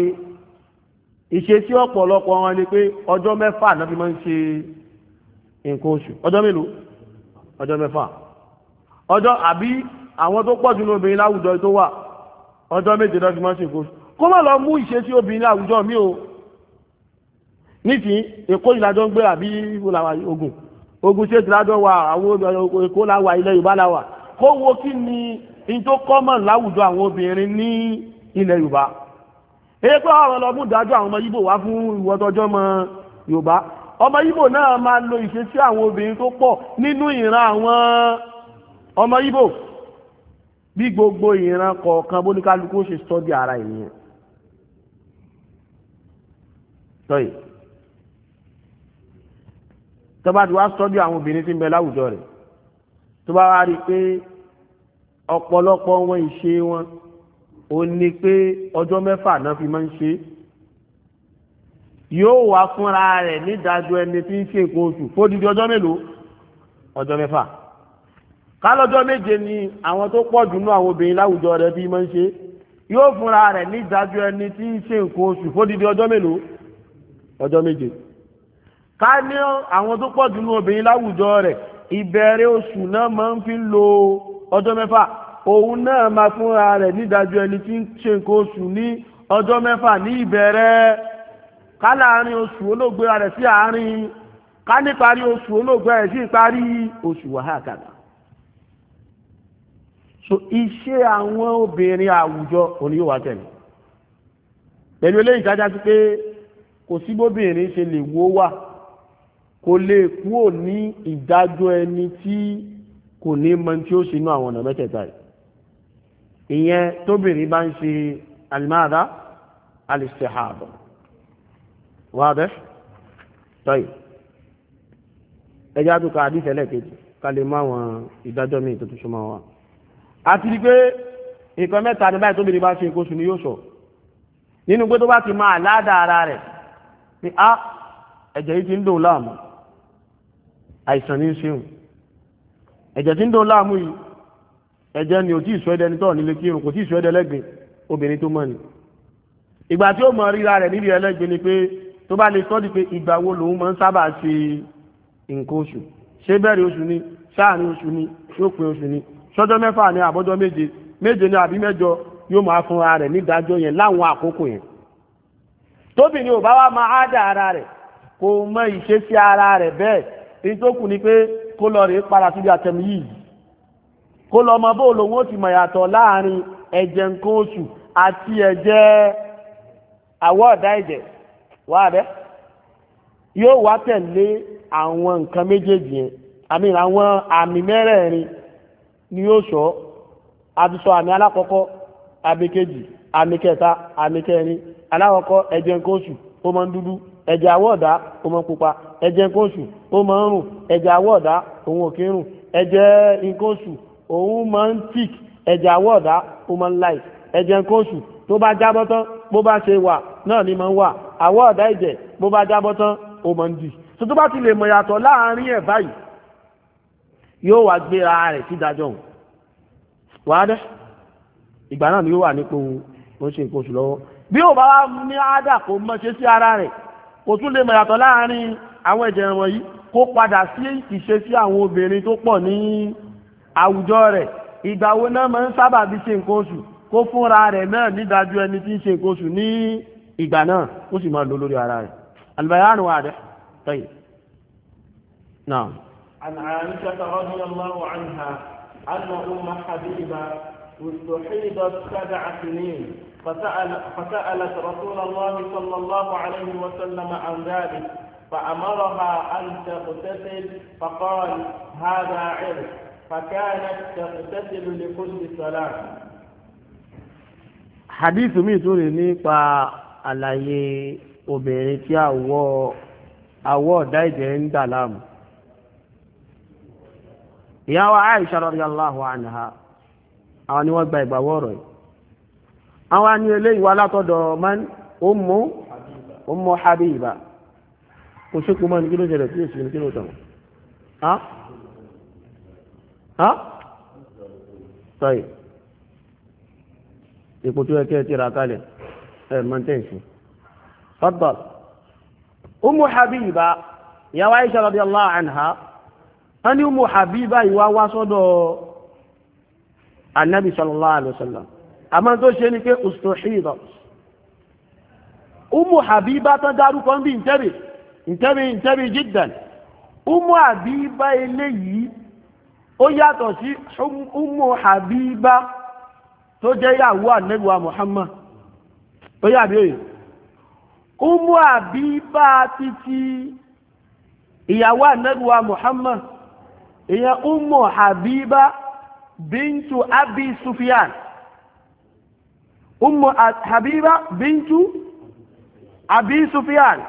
ìṣesí ọ̀pọ̀lọpọ̀ wọn ni pé ọjọ́ mẹ́fà náà fi máa ń ṣe nǹkan oṣù ọjọ́ mélòó ọjọ́ mẹ́fà ọjọ́ àbí àwọn tó pọ̀ jù ní obìnrin láwùjọ tó wà ọjọ́ méje náà fi máa ń ṣe nǹkan oṣù kó má lọ mú ìṣesí obìnrin láwùjọ mi o ní ti èkó ìlàjọ ń gbé àbí ogun ogun ṣe ti lájọ wa àwọn èkó láwà ilẹ̀ Yorùbá láwà kó wo kí ni in tó kọ́mọ̀ láwùjọ àwọn obìnrin ní ilẹ̀ yorùbá èyí pé ọ̀rọ̀ lọ mú dájọ́ àwọn ọmọ yíbò wá fún ìwọ́tọ́jọ́ mọ yorùbá ọmọ yíbò náà máa lo ìṣesí àwọn obìnrin tó pọ̀ nínú ìran àwọn ọmọ yíbò bí gbogbo ìran kọ̀ọ̀kan bóníkálukú ṣe sọ́dí ara ìyẹn tọ́yì tọ́ba ti wá sọ́dí àwọn obìnrin tí ń bẹ láwùjọ rẹ̀ tó bá wá rí i pé ọ̀pọ̀lọpọ̀ wọn ìṣe wọn ò ní pé ọjọ́ mẹ́fà náà fi máa ń ṣe yóò wá fúnra rẹ̀ nídàájọ́ ẹni tí ń ṣe nǹkan oṣù fódìdí ọjọ́ mélòó ọjọ́ mẹ́fà kálọ́jọ́ méje ni àwọn tó pọ̀ jù nú àwọn obìnrin láwùjọ rẹ̀ bí máa ń ṣe yóò fúnra rẹ̀ nídàájọ́ ẹni tí ń ṣe nǹkan oṣù fódìdí ọjọ́ mélòó ọjọ́ méje ká ní àwọn tó pọ̀ jù obìnrin láwùjọ rẹ̀ ìbẹ̀rẹ̀ oṣù náà máa ń fi lo ọjọ́ mẹ́fà òun náà máa fúnra rẹ̀ nídàájọ́ ẹni tí ń ṣe nǹkan oṣù ní ọjọ́ mẹ́fà ní ìbẹ̀rẹ̀ ká láàrin oṣù olóògbé rẹ̀ sí àárín ká oṣù olóògbé rẹ̀ sí ìparí oṣù wàhálà so iṣẹ́ àwọn obìnrin àwùjọ òní yóò wá tẹ̀lé pẹ̀lú eléyìí sí pé kò sí bóbìnrin ṣe lè wó wà ẹni tí kò ní mọ tí ó ṣe inú àwọn ọ̀nà mẹ́tẹ̀ẹ̀ta yìí ìyẹn tóbìnrin bá ń ṣe alimada alistihaba wàbẹ tọyì ẹjá tó ka àdìsẹ lẹ́ẹ̀kejì ká lè mọ àwọn ìdájọ́ míì tó tún súnmọ́ wa àti pé nǹkan mẹ́ta ni báyìí tóbìnrin bá ṣe nǹkan oṣù ni yóò sọ nínú pé tó bá ti máa ládàá ara rẹ̀ pé a ah, ẹ̀jẹ̀ yìí ti ń dòun láàmú àìsàn ní í ṣeun ẹ̀jẹ̀ tí ń dùn láàmú yìí ẹ̀jẹ̀ ni ò tí ì sọ ẹdẹ ní tọ́ nílé kírun kò tí ì sọ ẹdẹ lẹ́gbẹ̀ẹ́ obìnrin tó mọ̀ ni ìgbà tí ó mọ ríra rẹ̀ níbi ẹlẹ́gbẹ̀ẹ́ ni pé tó bá lè sọ di pé ìgbà wo lòun máa ń sábà ṣe nǹkan oṣù ṣé bẹ̀rẹ̀ oṣù ni sáàrin oṣù ni ṣópin oṣù ni sọ́jọ́ mẹ́fà ni àbọ́jọ́ méje méje ni àbí mẹ́jọ yóò máa fúnra rẹ̀ nídàájọ́ yẹn láwọn àkókò yẹn tóbìnrin ò bá wá máa á dà ara rẹ̀ kò mọ ìṣesí ara rẹ̀ bẹ́ẹ̀ èyí tó kù ni pé kó lọ rèé para síbi àtẹ̀mí yìí kó lọ mọ bó lòun ó ti mọ̀ yàtọ̀ láàrin ẹ̀jẹ̀ nǹkan oṣù àti ẹ̀jẹ̀ àwọ̀ ọ̀dá ẹ̀jẹ̀ wà rẹ̀ yóò wá tẹ̀lé àwọn nǹkan méjèèjì yẹn àmì àwọn àmì mẹ́rẹ̀ẹ̀rin ni yóò sọ àti sọ àmì alákọ̀ọ́kọ́ àmì kejì àmì kẹta àmì kẹrin alákọ̀ọ́kọ́ ẹ̀jẹ̀ nǹkan oṣù ó máa ń dúdú ẹ̀jẹ̀ àwọ̀ ọ̀dá ó máa ń pupa ẹ̀jẹ̀ nǹkan oṣù ó máa ń rùn ẹ̀jẹ̀ àwọ̀ ọ̀dá òun ò kí ń rùn ẹ̀jẹ̀ nǹkan oṣù òun máa ń tic ẹ̀jẹ̀ àwọ̀ ọ̀dá láì ẹ̀jẹ̀ nǹkan tó bá jábọ́ tán bó bá ṣe wà náà ni máa ń wà àwọ̀ ọ̀dá ẹ̀jẹ̀ bó bá jábọ́ tán ó máa ń dì tó tó bá ti lè mọ̀ yàtọ̀ láàárín ẹ̀ báyìí yóò wá gbéra rẹ̀ sí dájọ́ òun wàá dẹ́ ìgbà náà ni yóò wà nípò ó ṣe nǹkan oṣù lọ́wọ́ bí ò bá wá ní ádà kò mọ̀ ṣe sí ara rẹ̀ kò tún lè mọ̀ yàtọ̀ láàrin àwọn ẹ̀jẹ̀ wọ̀nyí kó padà sí ìṣesí àwọn obìnrin tó pọ̀ ní àwùjọ rẹ̀ ìgbà wo náà máa ń sábà bí ṣe nǹkan oṣù kó fúnra rẹ̀ náà nídájú ẹni tí ń ṣe nǹkan oṣù ní ìgbà náà ó sì máa lò lórí ara rẹ̀ albayanu wa rẹ̀ tẹ̀yìn. نعم عن عائشة رضي الله عنها أن أم حبيبة استحيضت سبع سنين فسأل فسألت رسول الله صلى الله عليه وسلم عن ذلك فأمرها أن تغتسل فقال هذا عرق فكانت تغتسل لكل صلاة حديث mi tún rè nípa àlàyé obìnrin tí àwọ̀ àwọ̀ ọ̀dá ìjẹ́ ń dà láàmú ìyá wa Aisha radiyallahu anha àwọn ni wọ́n gba ìgbàwọ́ ọ̀rọ̀ yìí àwọn àni eléyìí wá látọ̀dọ̀ man Ummu Ummu Habiba kò síkú mọ́ ní kí ló ṣẹlẹ̀ tí èsì ní kí ló tàn á á sọ́yì ipò tó ẹkẹ́ ti ra kalẹ̀ ẹ̀ mọ́ntẹ́ǹsì fọ́tbọ̀l Ummu Habiba ìyàwó Aisha radiyallahu annabi sallallahu alaihi wasallam àmọ́ tó ṣe ni pé ustuhida umu habiba tán dárúkọ ń bí ìtẹ́bì ìtẹ́bì ìtẹ́bì jiddan umu habiba eléyìí ó yàtọ̀ sí umu habiba tó jẹ́ yàwó ànẹ́gbà muhammad ó yàbí òye umu habiba títí ìyàwó ànẹ́gbà muhammad ìyẹn umu habiba bíntu abi sufyan ummu habiba bintu abi sufiyan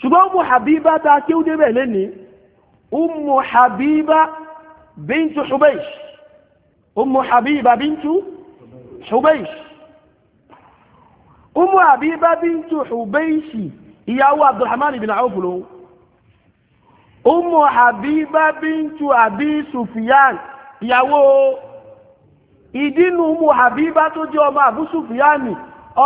ṣùgbọ́n ummu habiba ta kí ó débẹ̀ lẹ́ni ummu habiba bintu hubaysh ummu habiba bintu hubaysh ummu habiba bintu hubaysh ìyàwó abdulrahman ibn awf lòun ummu habiba bintu abi sufiyan ìyàwó ìdínú umu habiba tó jẹ́ ọmọ àbúsùfìyàní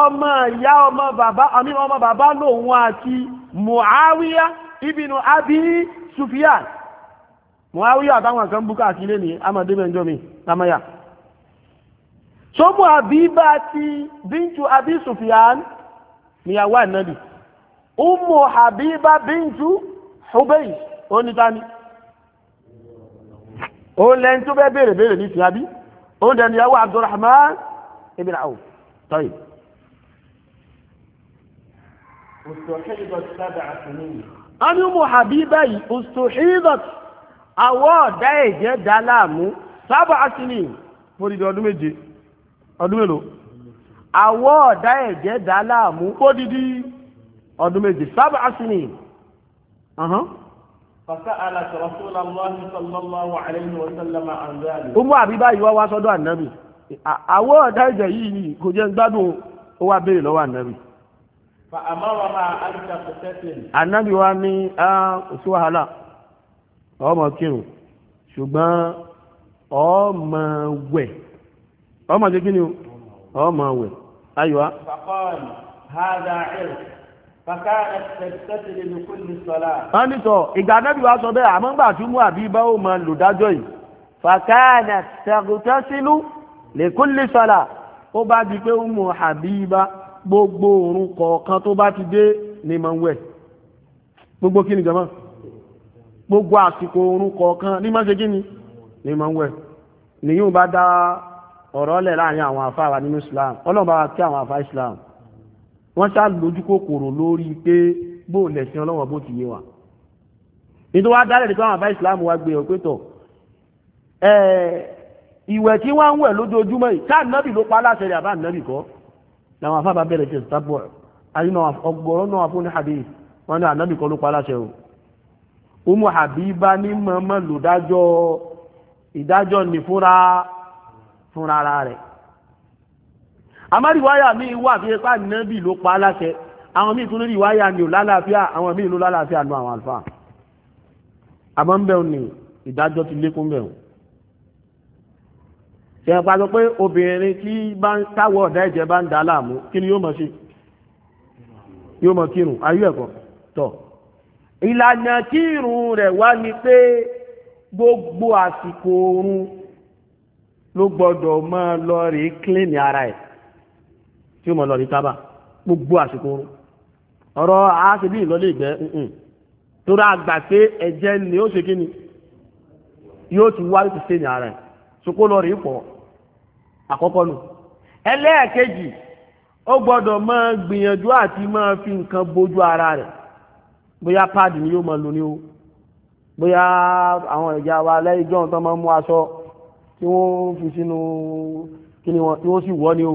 ọmọ ìyá ọmọ bàbá àmì ọmọ bàbá lòun àti muawiya ibinu sufiyan muawiya àtàwọn kan bú káàkiri ní amadébẹ̀njọ́mi tamaya so mu habiba ti bíntu abi sufiyan níyàwó ànábì umu habiba bíntu hubaysh ó ní ti òun dẹ̀ níyàwó Abdurrahman ibn Awf tọ́yì. wọ́n ní mú Habiba yìí ustuhidat àwọ̀ ọ̀dá ẹ̀jẹ̀ dá láàmú sábà àtìní fòdìdì ọdún méje ọdún mélòó àwọ̀ ọ̀dá ẹ̀jẹ̀ dá láàmú fòdìdì ọdún méje sábà àtìní. فسألت رسول الله صلى الله عليه وسلم عن ذلك Umu Habiba yìí wá wá sọ́dọ̀ ànábì àwọn ọ̀dá ìjẹ̀ yìí kò jẹ́ gbádùn ó wá béèrè lọ́wọ́ ànábì. fa amaraha an taqtasim. ànábì wa ní oṣù wàhálà ọmọ kírun ṣùgbọ́n ọmọ wẹ̀ ọmọ ṣe kí ni ọmọ wẹ̀ ayọ̀ wa. faqala hadha irq wọ́n ní sọ ìgbà anábì wa sọ bẹ́ẹ̀ àmọ́ ńgbà tí mú àbí bá ó máa lò dájọ́ yìí fàkàánà tẹ̀gùtẹ́sílú lè kó lè sọ́là ó bá di pé ó mú àbí bá gbogbo òrùn kọ̀ọ̀kan tó bá ti dé ní máa ń wẹ̀ gbogbo kí ni jọmọ́ gbogbo àsìkò òrùn kọ̀ọ̀kan ní máa ń ṣe kí ni ní máa ń wẹ̀ nìyí bá dá ọ̀rọ̀ lẹ̀ láàrin àwọn àfáà wa nínú Islam ọlọ́run bá wa kí àwọn àfáà Islam wọ́n ṣá lójú kòkòrò lórí pé bó lẹ̀sìn ọlọ́wọ́n bó ti yé wa nítorí wàá dálẹ̀ nípa àwọn àbá ìsìláàmù wa gbé ọ̀pẹ́ e tọ̀ ìwẹ̀ tí wọ́n ń wẹ̀ lójoojúmọ́ yìí ṣáà nábì ló pa aláṣẹ rẹ̀ àbá nábì kọ́ làwọn afábà bẹ̀rẹ̀ ṣe sábọ̀ àyínà ọgbọ̀rọ̀ náà fún ní hadith wọn ní ànábì kọ́ ló pa aláṣẹ o umu habiba ní mọ̀ọ́mọ́ lòdájọ́ ìdájọ́ ní fúnra fúnra rẹ̀ àmọ́ rìwáyà mi wà fi ipá nẹ́bì ló pa aláṣẹ àwọn míì tún ní rìwáyà ni ò lálàáfíà àwọn míì ló lálàáfíà nu àwọn àlùfáà àmọ́ ń bẹ̀rù ni ìdájọ́ ti lékún bẹ̀rù ṣe pa sọ pé obìnrin tí bá ń táwọ̀ ọ̀dá ẹ̀jẹ̀ bá ń dà láàmú kí ni yóò mọ̀ ṣe yóò mọ̀ kírun ayé ẹ̀kọ́ tọ̀ ìlànà kírun rẹ̀ wá ni pé gbogbo àsìkò oorun ló gbọdọ̀ máa lọ rèé kílìnì ara ẹ̀ tí ó mọ̀ lọ ní tábà gbogbo àsìkò ọ̀rọ̀ àásìbí ìlọlé ìgbẹ́ torí àgbà pé ẹ̀jẹ̀ ni ó ṣe kí ni yóò ti wá ti ṣe ní ara ẹ̀ sokó lọ rí pọ̀ àkọ́kọ́ nù ẹlẹ́ẹ̀kejì ó gbọ́dọ̀ máa gbìyànjú àti máa fi nǹkan bójú ara rẹ̀ bóyá páàdì ni yóò máa lò ní o bóyá àwọn ẹ̀já wa lẹ́yìn jọ́n máa mú aṣọ tí wọ́n fi sínú kí ni wọ́n tí wọ́n sì wọ́ ni o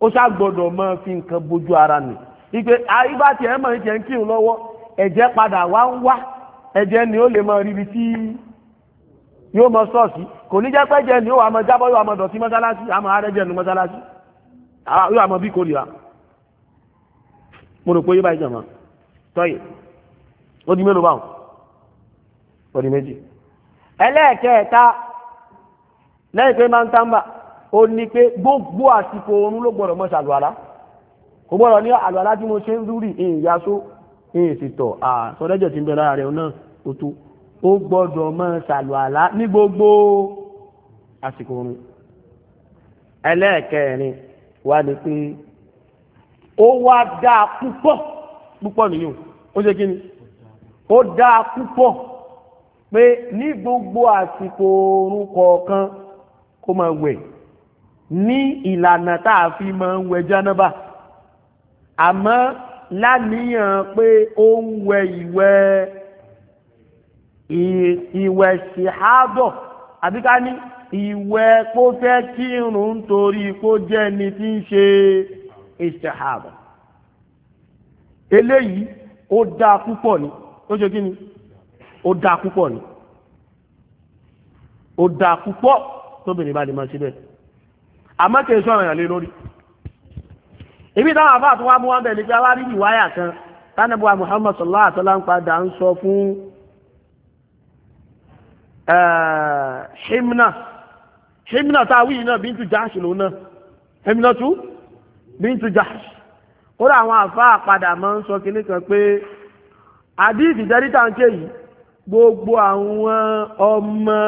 ó ṣàgbọ́dọ̀ máa fi nǹkan bójú ara nì ipe àyíbá tiẹ̀ mọ̀ ní tiẹ̀ ń kírun lọ́wọ́ ẹ̀jẹ̀ padà wá ń wá ẹ̀jẹ̀ ni ó lè mọ ríbi tí yóò mọ sọ́ọ̀sì kò ní jẹ́ pé ẹ̀jẹ̀ ni ó wà mọ jábọ́ yóò mọ dọ̀tí mọ́sálásí àmọ́ arẹ́jẹ̀ nu mọ́sálásí yóò mọ bí kórìíra mo rò pé yóò bá tọ́yì ó di mélòó báwọn ó di méjì ẹlẹ́ẹ̀kẹ́ẹ̀ta lẹ́yìn pé máa ń tán bá ó ní pé gbogbo àsìkò oorun ló gbọ́dọ̀ mọ́ ṣàlùwàlá kò gbọ́dọ̀ ní àlùwàlá tí mo ṣe ń rúrì ìyàsó ìsìtọ̀ àsọdẹ́jẹ̀ tí ń bẹ lára rẹ̀ náà ó tó ó gbọ́dọ̀ mọ́ ṣàlùwàlá ní gbogbo àsìkò oorun ẹlẹ́ẹ̀kẹrin wá ní pé ó wá dáa púpọ̀ púpọ̀ nìyẹn ó ṣe kí ni ó dáa púpọ̀ pé ní gbogbo àsìkò oorun kọ̀ọ̀kan kó máa wẹ̀ ní ìlànà tá a fi máa ń wẹ jánábà àmọ́ láníyàn pé ó ń wẹ ìwẹ̀ ìwẹ̀ ṣìhábọ̀ àbí ká ní ìwẹ̀ kó fẹ́ kírun nítorí kó jẹ́ ẹni tí ń ṣe ìṣìhábọ̀ eléyìí ó dáa púpọ̀ ni ó ṣe kí ni ó dáa púpọ̀ ni ó dáa púpọ̀ tóbìnrin bá lè máa ṣe bẹ́ẹ̀ àmọ́ kìí sọ̀rọ̀ yàn lé lórí ibi táwọn àbá tó wá mú wọn bẹ̀ ni pé alárí ìwáyà kan tánàbùwà Muhammad sallallahu alaihi wasallam ń padà ń sọ fún Himna Himna táwí náà bíntu Jahsh lòun náà Himna tú bíntu Jahsh kódà àwọn àfáà padà máa ń sọ kinní kan pé àdíìsì jẹ́rítà ń yìí gbogbo àwọn ọmọ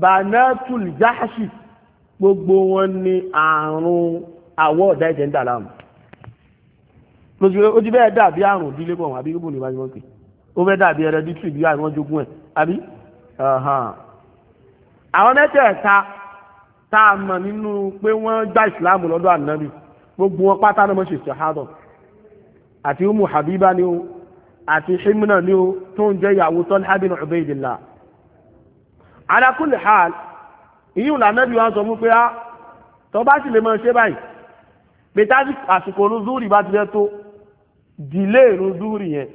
banatul Jahsh gbogbo wọn ní àrùn àwọ̀ ọ̀dá ẹ̀jẹ̀ ń dà láàmú lójú ojú bẹ́ẹ̀ dàbí àrùn ìdílé bọ̀ àbí ibùdó ìbájú wọn pè ó fẹ́ dàbí ẹrẹ dítù ìbí àrùn wọn jogún ẹ̀ àbí. àwọn mẹ́tẹ̀ẹ̀ta tá a mọ̀ nínú pé wọ́n gba ìsìláàmù lọ́dọ̀ ànábì gbogbo wọn pátá náà mọ̀ ṣe ṣàhádọ̀ àti umu habiba ni o àti himna ni o tó ń jẹ́ ìyàwó tọ́lá bin ubaydillah ala kulli hal ìyí ìlànà Ànábì wa sọ mú pé á ah, tọ́ bá sì lè mọ ṣe báyìí pé tájú àsìkò orun zúrì bá ti fẹ́ tó dìlé irun zúrì yẹn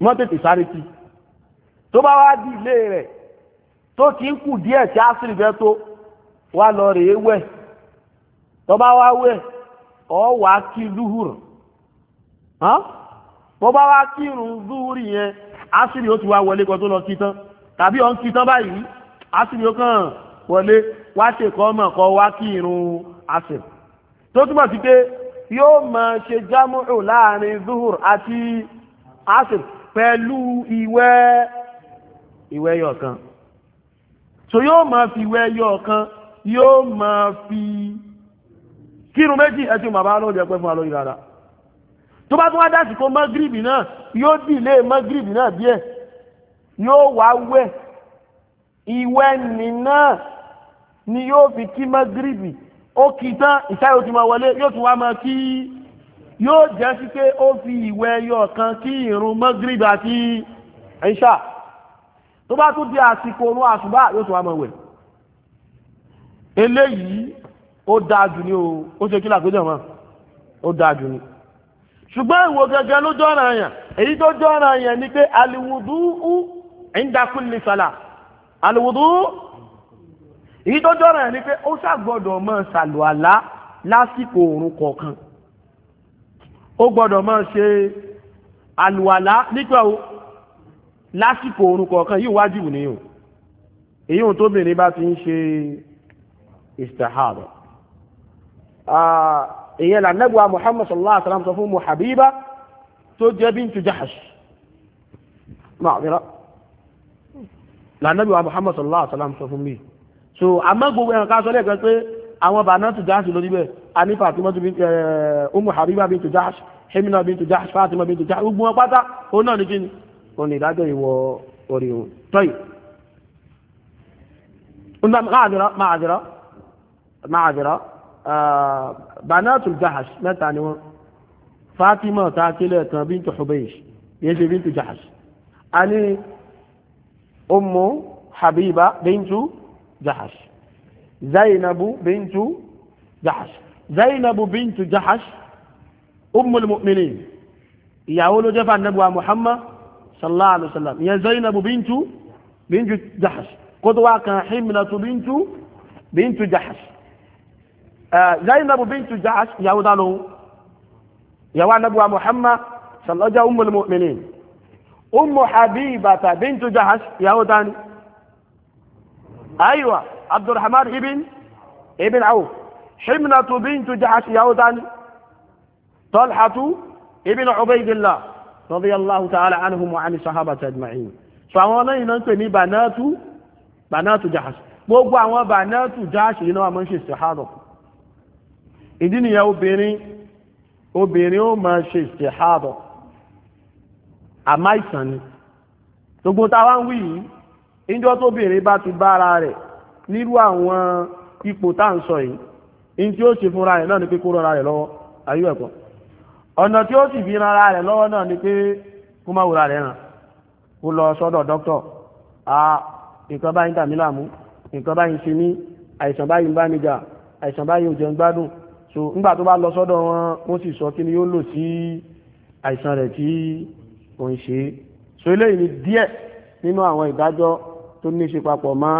mọ́ tètè sáré kí tó bá wá dìlé rẹ̀ tó ti ń kù díẹ̀ tí àsìrì fẹ́ tó wá lọ rèé wẹ̀ tó bá wá wẹ̀ ọ wà kí zuhur bó bá wá kírun zuhur yẹn àsìrì ó ti wá wọlé kan tó lọ kí tán tàbí ó ń kí tán báyìí asìrì ó kàn wọlé wá ṣe kọ́ mọ̀ kọ́ wá kí irun asìrì tó túmọ̀ sí pé yóò máa ṣe jámùrù láàrin zuhur àti asìrì pẹ̀lú ìwẹ̀ ìwẹ̀ yọ̀kan so yóò máa fi ìwẹ̀ yọ̀kan yóò máa fi kírun méjì ẹtí màbá lóòjẹ pẹ́ fún alóyìn rárá tó bá tún wá dásìkò mọ́gírìbì náà yóò dìlé mọ́gírìbì náà díẹ̀ yóò wá wẹ̀ ìwẹ́ nì ni yóò fi kí magribi ó kì í tán ìṣáyò tí máa wọlé yóò tún wá máa kí yóò jẹ́ sí pé ó fi ìwẹ́ ẹyọ kan kí ìrun magribi àti ẹ̀ṣà tó bá tún di àsìkò orun àṣùbà yóò tún wá máa wẹ̀ eléyìí ó dáa jù ní o ó ṣe kí làgbéjọ mọ́ ó dáa jù ní ṣùgbọ́n ìwò gẹ́gẹ́ ló jọ́ra yàn èyí tó jọ́ra yàn ni pé aliwudu ń dakú ní sàlá alùwùdú èyí tó jọ́rọ̀ ẹ̀ ni pé ó ṣàgbọ́dọ̀ máa ṣàlùwàlá lásìkò òrùn kọ̀ọ̀kan ó gbọ́dọ̀ máa ṣe àlùwàlá nígbà o lásìkò òrùn kọ̀ọ̀kan yìí wájìbù ni o èyí ò tóbìnrin bá ti ń ṣe istihara èyí là Muhammad sallallahu alaihi wasallam sọ fún mu tó jẹ́ bintu Jahash lànàbí wa muhammad sallallahu alaihi wasallam sọ fún mi so àmọ́ gbogbo ẹ̀rọ ká sọ lẹ́ẹ̀kan pé àwọn bàánà tó jáàṣì lórí bẹ́ẹ̀ ani fatima tó bí umu habiba bí tó jáàṣì hemina bí tó jáàṣì fatima bí tó jáàṣì gbogbo wọn pátá òun náà ní kí ni òun ní ìdájọ́ ìwọ orí òun tọ́yì máàdìrọ́ máàdìrọ́ máàdìrọ́ bàánà tó jáàṣì mẹ́ta ni wọn fatima tá a kan bí tó xubayish yéé ṣe bí tó jáàṣì أم حبيبة بنت جحش زينب بنت جحش زينب بنت جحش أم المؤمنين يقول جفا النبوة محمد صلى الله عليه وسلم يا زينب بنت بنت جحش قدوة كان حملة بنت بنت جحش آه زينب بنت جحش يقول يا نبوة محمد صلى الله عليه وسلم أم المؤمنين ummu habibata bintu jahash ìyàwó tani aywa abdulrahman ibn ibn awf himnatu bintu jahash ìyàwó tani talhatu ibn ubaydillah radiyallahu ta'ala anhum wa ani sahabati ajma'in so àwọn lẹ́yìn náà ń pè ní banatu banatu jahash gbogbo àwọn banatu jahash yìí náà wà mọ́ ń ṣe istihadọ̀ ìdí nìyẹn obìnrin obìnrin ó àmá ìsàn ni gbogbo táwa ń wí yìí níjọ́ tóbìnrin bá ti bá ara rẹ̀ nírú àwọn ipò tá à ń sọ yìí ní tí ó ṣe fúnra rẹ̀ náà ni pé kó rọra rẹ̀ lọ́wọ́ ayé ẹ̀kọ́ ọ̀nà tí ó sì fi rọra rẹ̀ lọ́wọ́ náà ni pé kó má wúra rẹ̀ ràn kó lọ sọ́dọ̀ dókítọ̀ a nǹkan báyìí ń dà mí láàmú nǹkan báyìí ń ṣe mí àìsàn báyìí ń bá mi jà àìsàn báyìí ò jẹun gbádùn so nígbà tó bá lọ sọ́dọ̀ wọn wọ́n sì sọ kí ni yóò lò sí àìsàn rẹ̀ tí kò ń ṣe é so eléyìí ni díẹ̀ nínú àwọn ìdájọ́ tó ní ṣe papọ̀ mọ́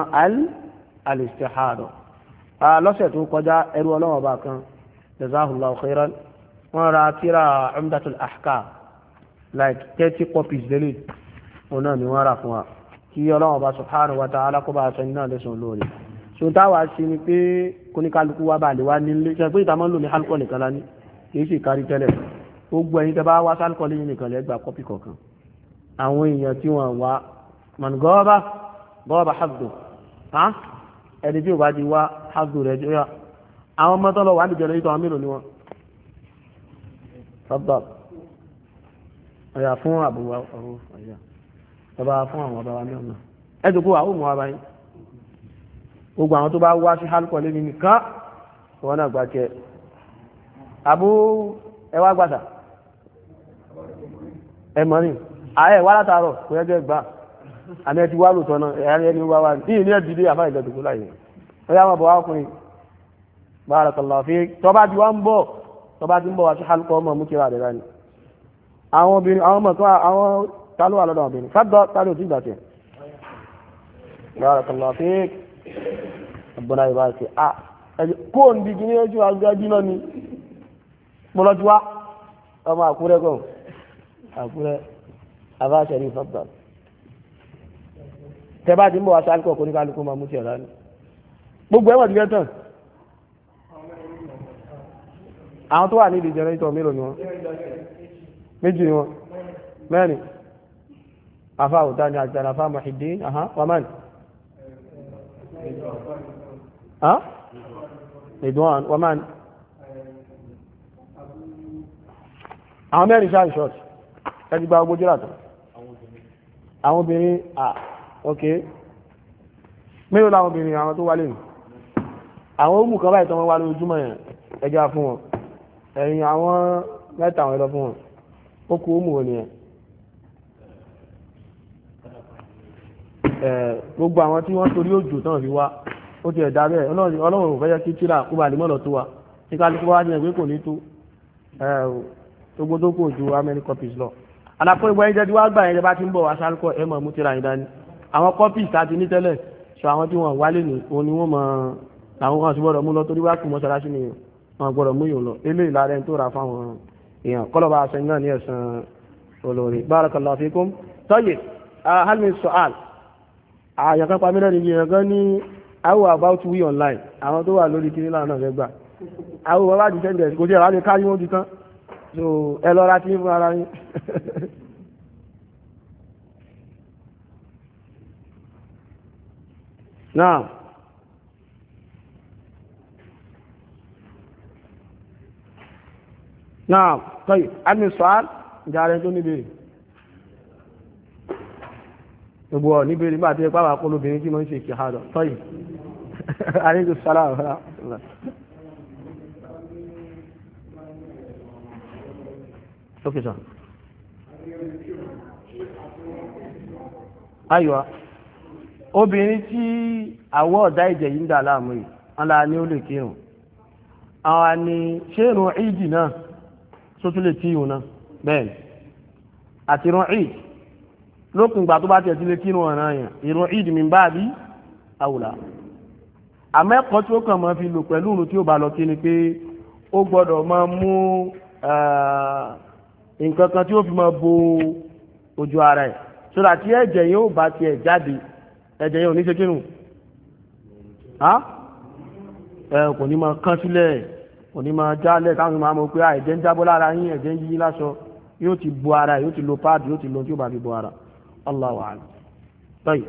al-istihada lọ́sẹ̀ tó kọjá ẹrú ọlọ́wọ́ bá kan jazahullahu khairan wọ́n ra tíra umdatul ahkam like thirty copies délé òun náà ni wọ́n rà fún wa kí ọlọ́wọ́ bá subhanahu wa ta'ala kó bá aṣọ iná lẹ́sùn lórí ṣùgbọ́n táwa ṣe ni pé kóníkálukú wa bá lè wá nílé ṣe pé ìtàmọ́ lò ní alukọ́ nìkan lá ní kì í sì kárí tẹ́lẹ̀ gbogbo ẹ̀yin tẹ́bá wá sálùkọ́lé yìí nìkan lẹ́gbà kọ́pì kọ̀ọ̀kan àwọn èèyàn tí wọ́n wá mọ̀nùgọ́ọ́bà gọ́ọ̀bà hafdo ẹni tí ò bá ti wá hafdo rẹ̀ jọyà àwọn ọmọ tọ́lọ wà nìjọ lẹ́yìn tó wọn mélòó ni wọn. sábà ọ̀yà fún àbúrò ọ̀rọ̀ ọ̀yà tọ́ba fún àwọn ọba wa ní ọ̀nà ẹ̀ tó kó wa ó mú wa gbogbo àwọn tó bá wá sí hálùkọ́lé nìkan wọn náà gbà jẹ àbú ẹ wá gbàdà ẹ mọ̀ ní ààrẹ wà látàárọ̀ kò yẹ kẹ́ gbà àmì ẹ ti wá lòtọ́ náà ẹ̀yà ẹni wá wá ní ìní ẹ̀ dìde àfáà ìjọ dùkú láyé ó yá wọn bọ̀ wá ọkùnrin barakallahu fi tọ́ba ti wá ń bọ̀ tọ́ba ti ń bọ̀ wá sí halukọ ọmọ mú kíra rẹ̀ dání àwọn obìnrin àwọn ọmọ kan àwọn táló wà lọ́dọ̀ obìnrin fádọ́ táló ti gbà tiẹ̀ barakallahu fi ọgbọ́n ayé báyìí ṣe ah kóòn bí kí ni ojú agbájú náà ni mo lọ ti wá ọmọ àkúrẹ́ gan àkúrẹ́ abáṣẹ ní fọ́tọ̀ tẹ bá ti ń bọ̀ wá sálùkọ̀ kó ní kálukú máa mú ti ọ̀rá ni gbogbo ẹ̀wọ̀n ti fẹ́ tàn àwọn tó wà ní ìdí jẹnẹrétọ̀ mélòó ni wọn méjì ni wọn mẹ́rin afa òta ni àjàrà afa mahidin aha waman àwọn mẹ́rin ṣáà ń ṣọ́ọ̀tì ẹni gba ogójì ràtọ̀ àwọn obìnrin à ok mélòó láwọn obìnrin àwọn tó wálé nù àwọn òmù kan báyìí tán wọ́n wá lójúmọ̀ yẹn ẹja fún wọn ẹ̀yìn àwọn mẹ́ta àwọn ẹlọ fún wọn ó kú òmù wọn yẹn gbogbo àwọn tí wọ́n torí òjò tán fi wá ó ti ẹ̀dá bẹ́ẹ̀ ọlọ́run ò fẹ́ kí tíra kó balẹ̀ mọ́lọ tó wa kí wá jẹ́ pé kò ní tó gbogbo tó kù ju how copies lọ àlàfo ìwọ ẹ̀jẹ̀ tí wọ́n gbà ẹ̀jẹ̀ bá ti ń bọ̀ wá sálùkọ́ ẹ̀ mọ̀ mú tira yín dání àwọn kọ́pì tá a ti ní tẹ́lẹ̀ sọ àwọn tí wọ́n wálé ní òun ni wọ́n mọ̀ làwọn kan sì gbọ́dọ̀ mú lọ torí wá kù mọ́ṣáláṣí ni wọ́n gbọ́dọ̀ mú yòó lọ eléyìí lára ẹni tó ra fáwọn èèyàn kọ́lọ́ba àṣẹ náà ní ẹ̀sán olórí barakallahu fikum tayyib halmi su'al àyàn kan pamílẹ̀ níbi èèyàn gan ní how about we online àwọn tó wà lórí kiri láwọn náà fẹ́ gbà àwọn bàbá àti sẹ́ńdẹ̀ẹ́sì kò tí ẹ̀rọ á lè káyé wọn tán so ẹ lọ́ra tí ń fún ara yín. náà náà tọ́yì àmì sọ́án ìjàre tó níbi gbogbo ọ̀ níbi nígbà tí ẹ pàwàkó lóbìnrin tí mo ń ṣe ìkìhàdọ̀ tọ́yì àríkù sálà ọ̀hún okay sir obìnrin tí àwọ̀ ọ̀dá ìjẹ̀ yìí ń dà láàmú yìí ọlá ni ó lè kírun àwọn ni ṣé ìrun ìdì náà tó tún lè kírun náà bẹ́ẹ̀ àti ìrun ìdì lókùn tó bá tiẹ̀ ti lè kírun ọ̀ràn yẹn ìrun ìdì mi bá bí tí ó kàn máa fi lò pẹ̀lú ìrun tí ó bá lọ kí ni pé ó gbọ́dọ̀ máa mú nǹkan kan tí ó fi máa bo ojú ara ẹ̀ sódà tí ẹ̀jẹ̀ yẹn ò bá tiẹ̀ jáde ẹ̀jẹ̀ yẹn ò ní ṣe kínú ẹ kò ní máa kán sílẹ̀ kò ní máa jálẹ̀ káwọn máa mọ̀ pé ẹ̀jẹ̀ ń jábọ́ lára yín ẹ̀jẹ̀ ń yí láṣọ yóò ti bo ara yóò ti lo páàdì yóò ti lo tí ó bá fi bo ara Allahu a'lam tọ́yì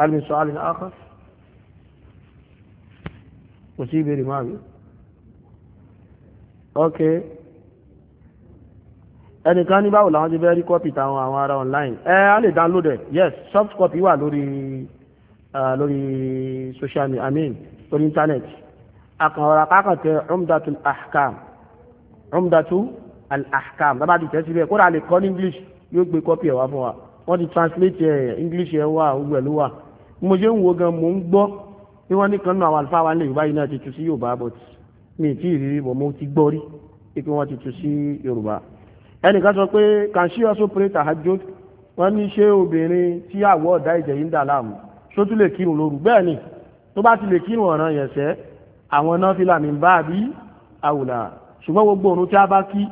alìsọ alìsọ akọ́ kò sí ìbéèrè máa mi ok ẹnìkan ní báwo làwọn ti fẹ́ rí kọ́pì táwọn àwọn ará online ẹ á lè download ẹ yes soft copy wà lórí lórí social media i mean lórí internet akànwọ́ra kákan tẹ umdatul ahkam umdatul ahkam bàbá ti tẹ́ síbẹ̀ kódà lè kọ́ ní english yóò gbé kọ́pì ẹ̀ wá fún wa wọ́n ti translate ẹ̀ english ẹ̀ wá ògbẹ̀ ló wà mo ṣe ń wo gan mo ń gbọ́ bí wọ́n ní kan nínú àwọn àlùfáà ní yorùbá yìí náà ti tu sí yorùbá but mi ì tí ì rí bọ̀ mo ti gbọ́ rí pé wọ́n ti tu sí yorùbá ẹnìkan sọ pé can she also pray tahajjud wọ́n ní ṣé obìnrin tí àwọ̀ ọ̀dá ìjẹ̀ yìí ń dà láàmú ṣó tún lè kírun lóru bẹ́ẹ̀ ni tó bá ti lè kírun ọ̀ràn yẹ̀sẹ̀ àwọn náà fi làmì bá a bí àwùlà ṣùgbọ́n gbogbo òun tí a bá kí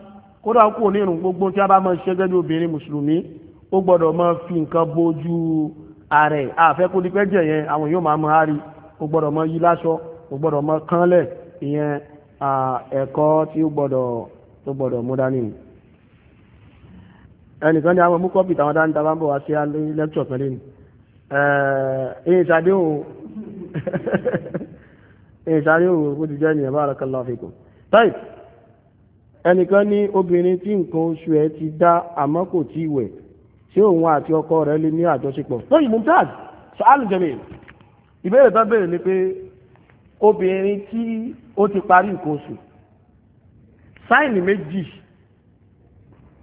kódà kò ní irun gbogbo tí a bá máa ṣiṣẹ́ gẹ́gẹ́ bí obìnrin mùsùlùmí ó gbọ́dọ̀ máa fi nǹkan bójú ààrẹ àfẹ́ kó dípẹ́ jẹ̀ yẹn àwọn yóò máa máa rí ó gbọ́dọ̀ máa yí láṣọ ó gbọ́dọ̀ máa kánlẹ̀ ìyẹn ẹ̀kọ́ tí ó gbọ́dọ̀ tó gbọ́dọ̀ mú dání ni ẹnìkan ní àwọn mú kọ́pì táwọn dáńdá bá ń bọ̀ wá sí lẹ́kṣọ̀ kan lé ní ẹ̀yìn ìṣàdé òun ẹ̀yìn ìṣàdé òun ó ti jẹ́ ènìyàn barakallahu fikum táì ẹnìkan ní obìnrin tí nǹkan oṣù ẹ̀ ti dá àmọ́ kò tí ì wẹ̀ ṣé òun àti ọkọ rẹ̀ lè ní àjọṣepọ̀ lóyìn mumtaz sàálù jẹ́mi ìbéèrè tó béèrè ni pé obìnrin tí ó ti parí nǹkan oṣù sáìnì méjì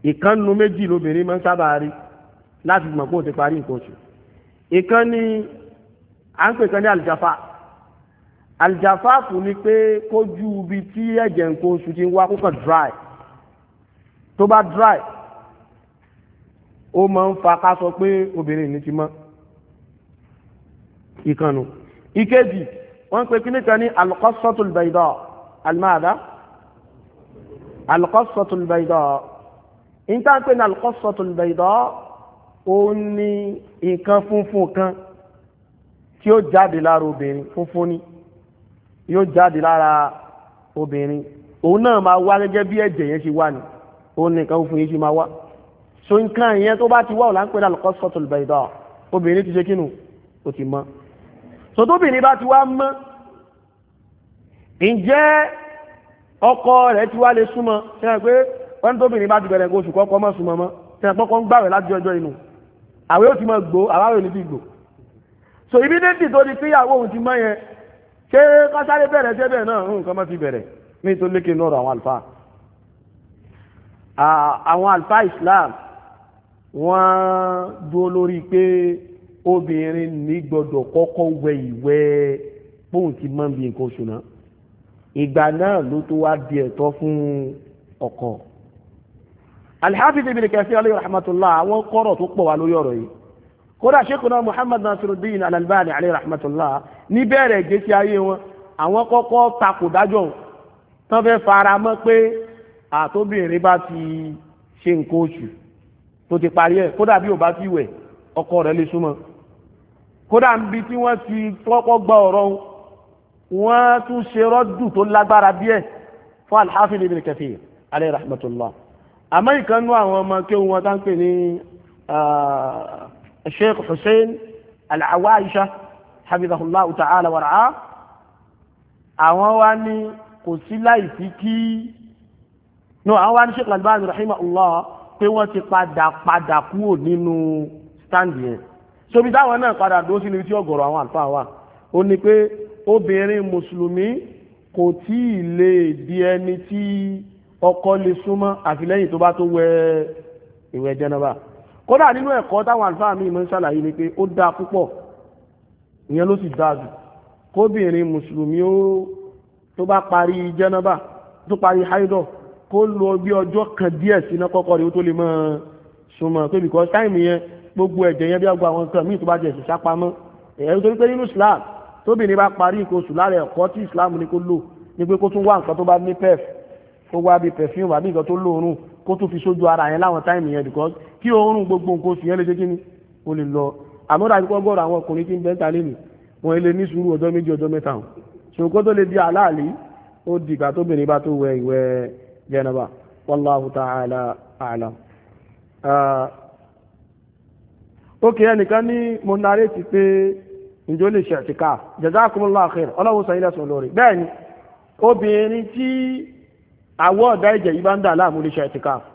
ìkànnù méjì lóbìnrin máa ń sábà rí láti mọ̀ pé ó ti parí nǹkan oṣù ìkan ni à ń pè kan ní àlùjáfà àlùjáfà kù ni pé kójú ibi tí ẹ̀jẹ̀ nǹkan oṣù ti ń wá kókàn dry tó bá dry ó máa ń fa ká sọ pé obìnrin ní ti mọ́ ìkànnù ìkejì wọ́n pe kíní kan ní alqassatul bayda almaada alqassatul bayda níta na ní al-qassatul bayda ó ní nǹkan funfun kan tí ó jáde lára obìnrin funfun ni yóò jáde lára obìnrin òun náà máa wá gẹ́gẹ́ bí ẹ̀jẹ̀ yẹn ṣe wá ni òun nìkan funfun yẹn ṣe máa wá so nǹkan yẹn tó bá ti wá ọ̀la ń pè ní al-qassatul bayda obìnrin ti ṣe kínú ó ti mọ́ so tóbìnrin bá ti wá mọ́ ǹjẹ́ ọkọ rẹ̀ ti wá lè súnmọ́ ṣe é pé wọ́n tó bìnrin bá ti bẹ̀rẹ̀ oṣù kọ́kọ́ mọ́ sùn mọ́mọ́ tí wọ́n kọ́kọ́ ń gbàwẹ̀ láti ọjọ́ inú àwẹ̀ ó ti mọ́ gbó àwáwẹ̀ ò ní fi gbó so ibi dédì tó di píyàwó òun ti mọ́ yẹn ṣé kọ́sáré bẹ̀rẹ̀ ṣé bẹ́ẹ̀ náà nǹkan mọ́ ti bẹ̀rẹ̀ ní tó lékè nọ́ọ̀rọ̀ àwọn àlùfáà àwọn àlùfáà Islam wọ́n dúró lórí pé obìnrin ní gbọ́dọ̀ kọ́kọ́ wẹ ìwẹ̀ bóun ti mọ́ bí nǹkan oṣù náà ìgbà náà ló tó wá di ẹ̀tọ́ fún ọkọ alhafiz ibn kathir alayhi rahmatullah àwọn kọ́rọ̀ tó pọ̀ wá lórí ọ̀rọ̀ yìí kódà sheikhuna muhammad nasiruddin alalbani alayhi rahmatullah ní bẹ̀rẹ̀ ìgbésí ayé wọn àwọn kọ́kọ́ takò dájọ́ tán fẹ́ fara mọ́ pé àtòbìnrin bá ti ṣe nǹkan oṣù tó ti parí ẹ̀ kódà bí ò bá ti wẹ̀ ọkọ rẹ̀ lè súnmọ́ kódà ń bi tí wọ́n ti kọ́kọ́ gbọ́ ọ̀rọ̀ wọ́n tún ṣe rọ́dù tó lágbára díẹ̀ fún alhafiz ibn kathir alayhi rahmatullah àmọ́ ìkan nú àwọn ọmọ kéwù wọn tá ń pè ní Sheikh Hussein Al-Awaisha habibahullah ta'ala wàrà àwọn wá ní kò sí láì sí kí no àwọn wá ní Sheikh Al-Albani rahimahullah pé wọ́n ti padà padà kúrò nínú stand yẹn táwọn náà padà dó sínú tí ọ̀gọ̀rọ̀ àwọn àlùfáà wà ó ní pé obìnrin mùsùlùmí kò tí ì lè di ẹni tí ọkọ lè súnmọ́ àfilẹ́yìn tó bá tó wẹ ìwẹ̀ jẹnaba kódà nínú ẹ̀kọ́ táwọn àlùfáà mi máa ń ṣàlàyé ni pé ó dáa púpọ̀ ìyẹn ló sì dáa jù kóbìnrin mùsùlùmí ó tó bá parí jẹnaba tó parí haidọ̀ kó lọ bí ọjọ́ kan díẹ̀ síná kọ́kọ́ rẹ̀ ó tó lè máa súnmọ́ pé bìkọ́ táìmù yẹn gbogbo ẹ̀jẹ̀ yẹn bí agbo àwọn nǹkan míì tó bá jẹ̀ sí sápamọ́ ẹ̀yẹ́ torí pé nínú Islam tóbìnrin bá parí nǹkan oṣù lára ẹ̀kọ́ tí Islam ní kó lò ní pé kó tún wá nǹkan tó bá ní pẹ́ẹ̀fù kó wá bí perfume àbí nǹkan tó lóorùn kó tún fi sójú ara yẹn láwọn táìmù yẹn because kí oorun gbogbo nǹkan oṣù yẹn lè ṣe kí ni o lè lọ àmọ́ dájú pé gbọ́dọ̀ àwọn ọkùnrin tí ń bẹ́ńtà lẹ́nu wọn lè ní sùúrù ọjọ́ méjì ọjọ́ mẹ́ta hàn ṣòkó tó lè di àláàlì ó di ìgbà tó bìnrin bá tó wẹ ìwẹ̀ jẹnaba wallahu ta'ala a'lam. ókè ah, ẹnìkan ní mo narí ti pé ǹjọ́ lè ṣe ẹ̀tìká jazakumullahu khair ọlọ́run sọ ilẹ̀ sùn lórí àwọ̀ ọ̀dá ìjẹ̀ yìí bá ń dà láàmú oníṣẹ́ ìtìkáàfù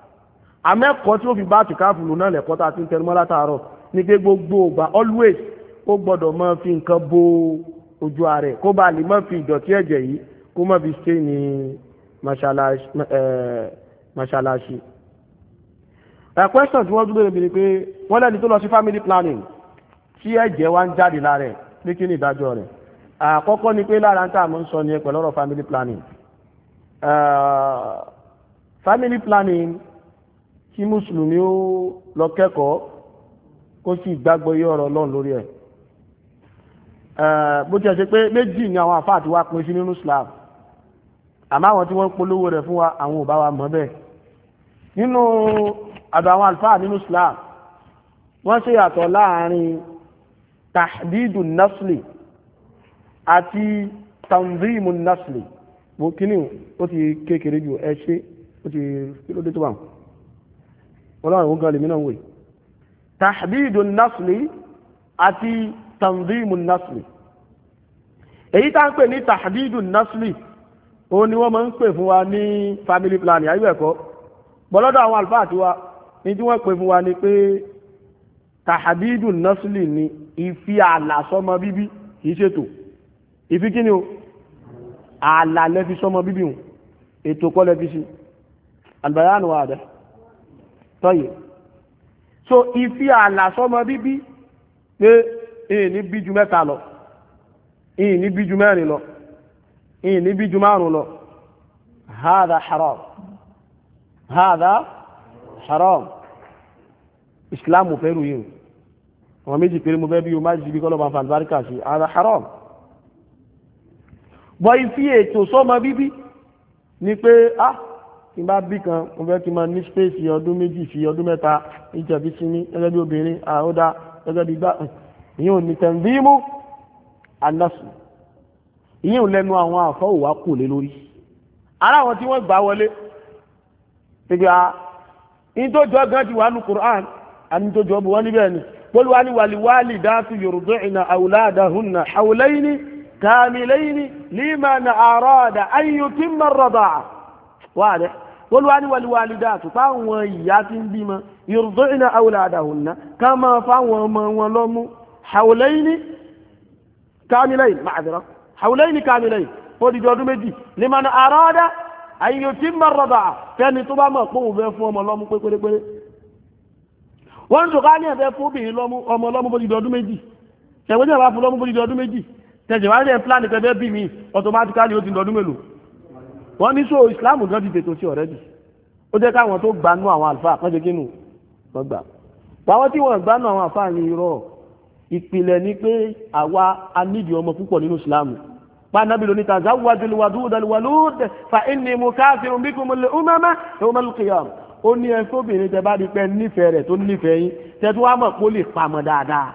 amẹ́kọ̀ọ́ tí ó fi bá ìtìkáàfù lò náà lẹ́kọ́ tá a ń tẹnumọ́ látàárọ̀ ní pé gbogbo ògbà always ó gbọ́dọ̀ máa fi nǹkan bo ojú ààrẹ kó bá lè má fi ìdọ̀tí ẹ̀jẹ̀ yìí kó má fi ṣe ní mọ́ṣáláṣí. ẹ̀ question tí wọ́n dúró lè bèrè pé wọ́n lẹ́ni tó lọ sí family planning tí ẹ̀jẹ̀ wá ń jáde lára ẹ̀ pé kí ni ìdájọ́ rẹ̀ àkọ́kọ́ ni pé lára ń tà mọ́ ń sọ ni ẹ pẹ̀lú family planning Uh, family planning kí mùsùlùmí ó lọ kẹ́kọ̀ọ́ kó sì gbàgbọ́ yé ọ̀rọ̀ Ọlọ́run lórí ẹ̀ uh, bó ti ẹ̀ ṣe pé méjì ni àwọn àfáà ti wá pín sí nínú Islam àmọ́ àwọn tí wọ́n ń polówó rẹ̀ fún wa àwọn ò bá wa mọ̀ bẹ́ẹ̀ nínú àdó àwọn àlùfáà nínú Islam wọ́n ṣe yàtọ̀ láàrin tahdidu nasli àti tanzimu nasli bó kíní ó ti kékeré ju ẹ ṣe ó ti kí ló dé tó bá wọn ọlọ́run òun kan lèmi náà wò yìí tàbídù nasli àti tanzimu nasli èyí tá ń pè ní tàbídù nasli ó ní wọ́n máa ń pè fún wa ní family planning ayé ẹ̀kọ́ bọ́lọ́dọ̀ àwọn àlùfáà ti wa ní tí wọ́n pè fún wa ni pé tàbídù nasli ni ìfi àlà sọmọ bíbí kì í ṣètò ìfi kíni o ààlà lẹ́fi sọmọ bíbí wọn ètò kọ́ lẹ́fi sí albayanu wa tọ́yẹ̀ so ìfi ààlà sọmọ bíbí pé ìyìn ní bí ju mẹ́ta lọ ìyìn ní bí ju mẹ́rin lọ ìyìn ní bí ju márùn lọ hada haram hada haram islam fẹ́rù yìí wọn méjì péré mo fẹ́ bí o má jì kọ́lọ́ bá fa sí hada haram bọ́ ifi ètò sọ́mọ bíbí ni pé ah tí bá bí kan mo fẹ́ kí n máa ní space ọdún méjì sí ọdún mẹ́ta ìjẹ̀bi sí ní gẹ́gẹ́ bí obìnrin àhódà gẹ́gẹ́ bí gbà hmm, ìyẹn ò ní tẹ̀m̀bímú anásù ìyẹn ò lẹ́nu àwọn àfọ́ òwá kò lé lórí ara àwọn tí wọ́n gbà wọlé pẹ̀lú a ní tó jọ gan ti wà ní Qur'an àní tó jọ bù wọ́n níbẹ̀ ni Olúwa ní wàlíwálì dáàtú yorùbá ìnà àwùlá àdáhùn náà àwùlẹ́yìn ní كاملين لمن أراد أن يتم الرضاعة واضح والوالي والوالدات فاو يات بما يرضعن أولادهن كما فاو من ولم حولين كاملين معذرة حولين كاملين فودي جودو ميدي لمن أراد أن يتم الرضاعة فاني طبعا ما قوم بفو ملوم كوي كوي كوي wọ́n ń tọ́ka ní ẹ̀fẹ́ fún obìnrin ọmọ ọlọ́mọ bó ti di ọdún méjì ẹ̀wọ́n ní tẹ̀sẹ̀ wá jẹ́ plan kẹfẹ́ bí mi automatically ó ti lọ́dún mélòó wọ́n ní so Islam gan ti tètò sí already ó jẹ́ káwọn tó gbanú àwọn àlùfáà kan ṣe kínú wọ́n gbà wàwọn tí wọ́n gbanú àwọn àlùfáà ní irọ́ ìpìlẹ̀ ni pé àwa a nídìí ọmọ púpọ̀ nínú Islam pàdánù lóní tàzá wájú lùwàdú dàlúwàlúd fa inni mo káfíìn bí kò mo lè umama tó mo lè kìyàm ó ní ẹ fóbìnrin tẹ bá rí pé nífẹ̀ẹ́ rẹ̀ tó nífẹ̀ẹ́ yín tẹ tó wá mọ̀ pólì pamọ́ dáadáa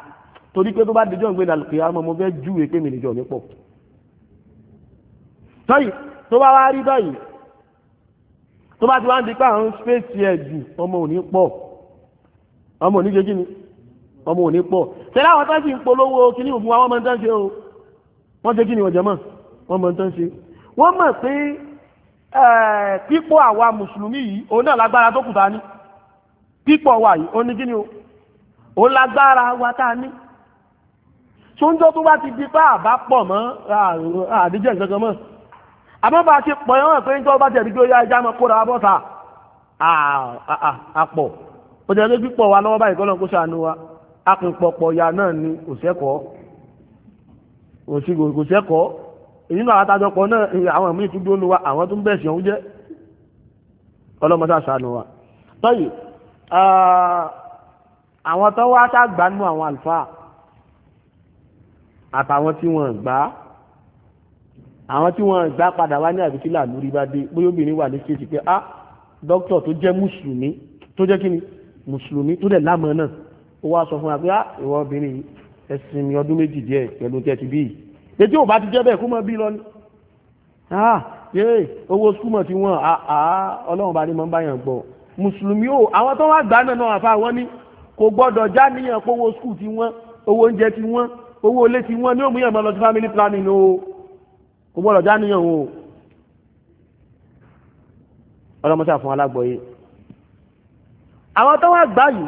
torí pé tó bá dẹjọ́ ìgbé dàlùkì àmọ́ mo fẹ́ júwe pé mi nìjọ mi pọ̀ tọ́yì tó bá wá rí tọ́yì tó bá ti wá ń di pé àwọn spéèsì ẹ̀ jù ọmọ òní pọ̀ ọmọ òní ṣe kí ni ọmọ òní pọ̀ tẹ́lẹ̀ àwọn tó ń fi polówó kíní òfin wa wọ́n máa ń tán ṣe o wọ́n ṣe kí ni ọ̀jọ̀ mọ̀ wọ́n máa ń tán ṣe wọ́n mọ̀ pé pípọ̀ àwa mùsùlùmí yìí òun náà lágbára tó kù ta ní pípọ̀ wa yìí ó ní kí o òun lágbára wa ta ní tó ń jọ tó bá ti di pé àbá pọ̀ mọ́ àdíjẹ́ nǹkan mọ́ àmọ́ bá ti pọ̀ ẹ̀wọ̀n pé ń jọ bá ti ẹ̀rí pé ó yá ẹja máa kóra bọ́ta àpọ̀ ó jẹ́ lójú pọ̀ wa lọ́wọ́ báyìí kọ́lọ́ kó ṣàánú wa apìnpọ̀pọ̀ ya náà ni òṣẹ́kọ̀ọ́ òṣìkòṣẹ́kọ̀ọ́ èyí náà àtàjọpọ̀ náà àwọn míì tún dónú wa àwọn tún bẹ̀ẹ̀sì ọ̀hún jẹ́ ọlọ́mọdé àṣàánú wa tọ́yì àwọn tó wá ṣàgbánú àwọn àlùfáà àtàwọn tí wọ́n gbá àwọn tí wọ́n gbá padà wá ní àbíkílà lórí bá dé bóyá obìnrin wà ní stéèjì pé ah doctor tó jẹ́ mùsùlùmí tó jẹ́ kíni mùsùlùmí tó dẹ̀ lámọ̀ náà ó wá sọ fún wa pé ah ìwọ obìnrin ẹ̀sìn mi ọdún méjì díẹ̀ pẹ̀lú tẹ́tí bíi ètí ò bá ti jẹ́ bẹ́ẹ̀ kó mọ́ bí lọ ni ah yéè owó skúmọ̀ tí wọ́n àá ah, ah, ọlọ́run bá ní mọ́ báyàn gbọ́ mùsùlùmí ò àwọn tó wá gbà náà náà àfa àwọn ní kò gbọ́dọ̀ já níyàn pé skúù tí wọ́n owó oúnjẹ tí wọ́n owó ilé ti wọ́n ní òmùyàn máa lọ sí family planning o kò gbọ́dọ̀ dáníyàn o ọlọ́mọṣà fún alágbọ̀ọ́yé àwọn tó wà gbá yìí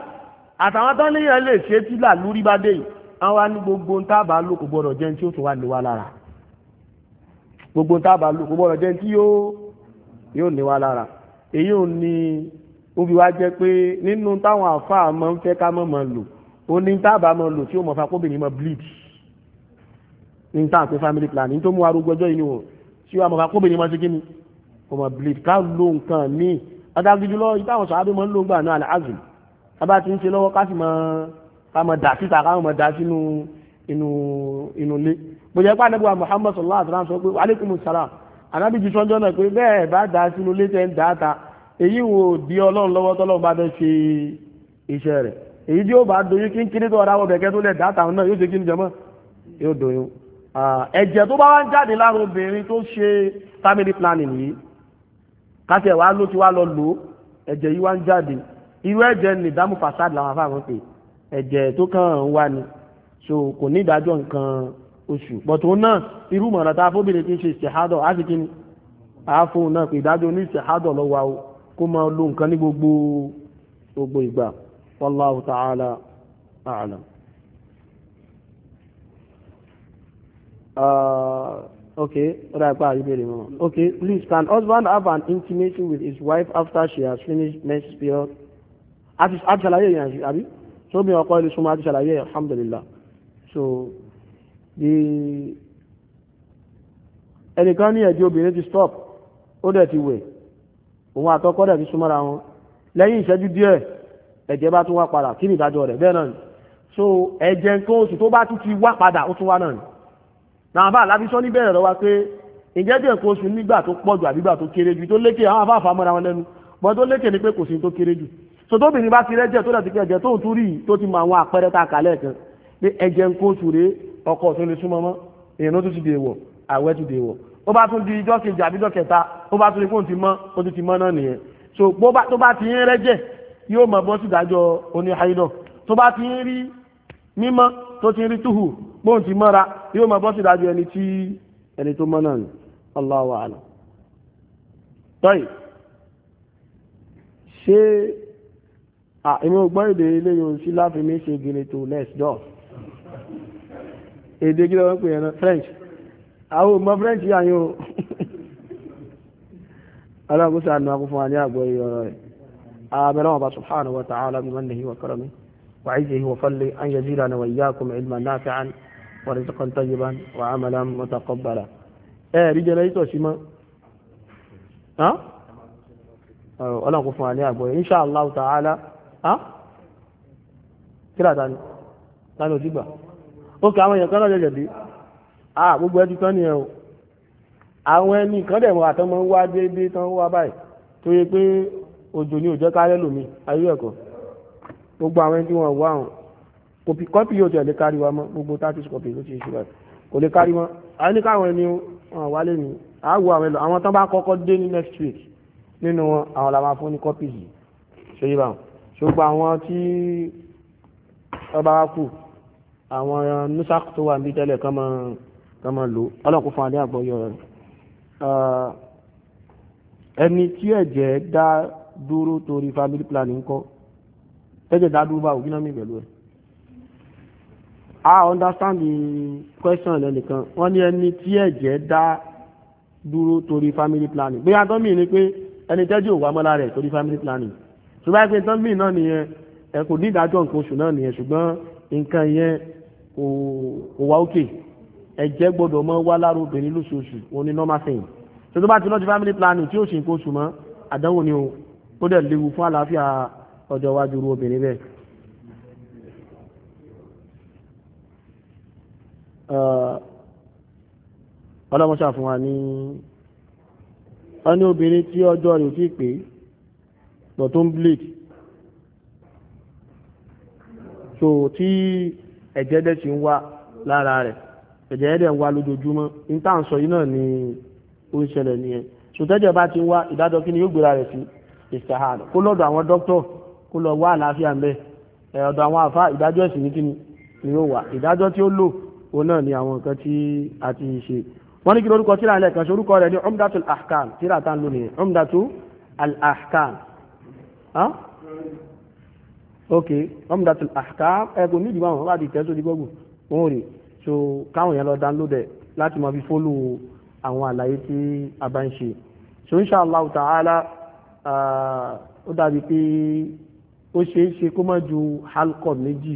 àtàwọn tó níyàn lè ṣe tí làlúrí bá dé yìí àwọn wá ní gbogbo ń tábà lò kò gbọ́dọ̀ jẹ́ tí ó tún wà ní wa lára gbogbo ń tábà lò kò gbọ́dọ̀ jẹ́ tí yóò ní wa lára èyí ò ní ó fi wá jẹ́ pé nínú táwọn àfáà máa ń fẹ́ ká mọ̀ mọ̀ lò ó ní tábà mọ̀ lò tí ó mọ̀ fa kóbìnrin mọ̀ bleach ní tá à ń pè family planning tó mú arúgbó ọjọ́ inú o tí wàá mọ̀ká kóbìnrin máa ṣe kí ni kò mọ̀ bleed ká lo nǹkan míì adágídú lọ ìtàwọn sọ abẹ́mọ́ ló ń gbà náà àlàázùn abá ti ń ṣe lọ́wọ́ ká sì mọ dà síta ká mọ dà sínú inú ilé bóyá ipá anábì wa Muhammad sallallahu alaihi wasallam sọ pé aleykum salam anábì ju sọ́jọ́ náà pé bẹ́ẹ̀ bá dà sínú ilé tẹ́ ń dà ta èyí wo di ọlọ́run lọ́wọ́ tọ́lọ́run bá fẹ́ ṣe iṣẹ́ rẹ̀ èyí tí ó bá doyún kí ń kiri tó ọ̀dà wọ̀ bẹ̀kẹ́ tó lẹ̀ dà táwọn náà yóò ṣe kí ni jọmọ́ yóò doyún Ah, ẹ̀jẹ̀ tó bá wá ń jáde lára obìnrin tó ṣe family planning yìí káṣẹ̀ wá ló ti wá lọ lò ó ẹ̀jẹ̀ yìí wá ń jáde irú ẹ̀jẹ̀ ní ìdámú fasad làwọn afáàmù pé ẹ̀jẹ̀ tó kàn ń wá ni so kò ní ìdájọ́ nǹkan oṣù pọ̀tò náà irú mọ̀ràn tá a fóbìnrin ti ń ṣe ìṣèhádọ̀ á sì kíni àáfóun náà pé ìdájọ́ ní ìṣèhádọ̀ lọ́wọ́ o kó máa lo nǹkan ní gbogbo gbogbo ìgbà wallahu ta'ala a'lam. Uh, okay, okay, please, can husband have an intimacy with his wife after she has finished next period? Àti ṣàlàyé yẹn àbí? So bí ọkọ ilé súnmọ́ àti ṣàlàyé alhamdulillah. So the ẹnìkan ní ẹ̀jẹ̀ obìnrin ti stop ó dẹ̀ ti wẹ̀ òun àtọkọ dẹ̀ ti súnmọ́ra wọn lẹ́yìn ìṣẹ́jú díẹ̀ ẹ̀jẹ̀ bá tún wá padà kí ni ìdájọ́ rẹ̀ bẹ́ẹ̀ náà ni so ẹ̀jẹ̀ nǹkan oṣù tó bá tún ti wá padà ó tún wá náà ni náà bá alábísọ́ níbẹ̀rẹ̀ rọ wa pé ìjẹ́ bí ẹ̀kọ́ oṣù nígbà tó pọ̀jù àbígbà tó kéré jù tó lékè àwọn afáfà mọ́ra wọn lẹ́nu mọ́ tó lékè ni pé kò sí tó kéré jù so tóbìnrin bá ti rẹ́jẹ̀ tó dẹ̀ ti pé ẹ̀jẹ̀ tóun tún rí tó ti mọ àwọn àpẹẹrẹ tá a kà lẹ́ẹ̀kan pé ẹ̀jẹ̀ nǹkan oṣù rèé ọkọ tó lè súnmọ́ mọ́ èèyàn tún ti dè wọ̀ àwẹ̀ tún dè wọ̀ ó bá tún di ijọ́ kejì àbíjọ́ kẹta ó bá tún di mọ́ ó ti ti mọ́ náà nìyẹn so tó bá ti ń rẹ́jẹ̀ yóò mọ̀ bọ́ sí ìdájọ́ oníhàídọ̀ tó bá ti ń rí mímọ́ tó ti ń rí túhù bóun ti mọ́ra yóò máa bọ́ sí ìdájọ́ ẹni tí ẹni tó mọ́ náà ni Allahu a'lam tọ́yì ṣé èmi ò gbọ́ èdè ilé yòó sí ṣe gèrè tó less dọ́ èdè gíga wọn pè é French àwọn ọmọ French yà yín o aláàbùsà àná akúfún wa ní àgbọ̀ yìí ọ̀rọ̀ rẹ̀ آمنوا الله سبحانه وتعالى بمنه وكرمه وعزه وفضله أن يزيدنا وإياكم علما نافعا ورزقا طيبا وعملا متقبلا ẹ rí jẹnẹrétọ̀ sí mọ́ ọlọ́run kò fún wa ní àgbọ̀ insha Allah ta'ala kí ládàá ni láti ojú gbà ó kà àwọn èèyàn kan lọ́jọ́ jẹ̀bi gbogbo ẹni tán nìyẹn o àwọn ẹni kan dẹ̀ wọ́n àtọ́mọ́ ń wá déédéé tán wá báyìí tó yẹ pé òjò ni òjò kárẹ́ lòmí ayé ẹ̀kọ́ gbogbo àwọn ẹni tí wọ́n wá àwọn kọ́pì yóò tẹ̀ lè kárí wa mọ́ gbogbo tátis kọ́pì ló ti ṣe báyìí kò lè kárí wọn a ní káwọn ẹni wọn wà lẹ́nu àáwọ̀ àwọn ẹlò àwọn tán bá kọ́kọ́ dé ní next week nínú wọn àwọn làwọn afún ní kọ́pì yìí ṣe yí báwọn ṣùgbọ́n àwọn tí ọba wa kù àwọn nusak tó wà níbi tẹ́lẹ̀ kán mọ́ kán mọ́ lò ọlọ́kùn fún adé àgbọ̀yọ̀ rẹ̀ ẹni tí ẹ̀jẹ̀ dá dúró torí family planning kọ́ ẹ̀jẹ̀ dá dúró bá ògínàmì I understand the question lẹ́nìkan wọ́n ní ẹni tí ẹ̀jẹ̀ dá dúró torí family planning bí atọ́mì ni pé ẹni tẹ́jú òwò amọ́lá rẹ̀ torí family planning ṣùgbọ́n ẹgbẹ́ tọ́mì náà nìyẹn ẹ kò ní ìdájọ́ nǹkan oṣù náà nìyẹn ṣùgbọ́n nǹkan yẹn kò wá òkè ẹ̀jẹ̀ gbọ́dọ̀ mọ́ wá lára obìnrin lóṣooṣù òun ni normal thing ṣe tó bá ti lọ́ọ́ family planning tí ó ṣe nǹkan oṣù mọ́ àdánwò ni o ó dẹ̀ léwu fún àlàáfíà ọjọ́ iwájú obìnrin bẹ́ẹ̀ ọlọ́mọṣà fún wa ní wọ́n ní obìnrin tí ọjọ́ rẹ̀ ti pé lọ tó so tí ẹ̀jẹ̀ dẹ̀ ti ń wá lára rẹ̀ ẹ̀jẹ̀ ẹ̀dẹ̀ ń wá lójoojúmọ́ ní tá ń sọ yìí ni ó ń ṣẹlẹ̀ nìyẹn so tẹ́jẹ̀ bá ti ń wá ìdájọ́ kí ni yóò gbéra rẹ̀ sí ìṣàhàdà kó lọ́dọ̀ àwọn dókítọ̀ kó lọ wá àlàáfíà ń bẹ ọ̀dọ̀ àwọn àfa ìdájọ́ ẹ̀sìn ní kíni ni yóò wà ìdájọ́ tí ó lò òun náà ni àwọn nǹkan tí a ti ṣe wọ́n ní kí lórúkọ tíra ilẹ̀ kan ṣe orúkọ rẹ̀ ní umdatul ahkam tíra tá ń lò nìyẹn umdatul ahkam ok umdatul ahkam ẹ̀kọ́ nídìí máa wọ́n bá di tẹ́sọ́ di gbọ́gbù òun rè so káwọn yẹn lọ download ẹ̀ láti máa fi fólù àwọn àlàyé tí a bá ń ṣe so insha Allah ta'ala ah, ó dàbí pé ó ṣeé ṣe kó má ju halkọ méjì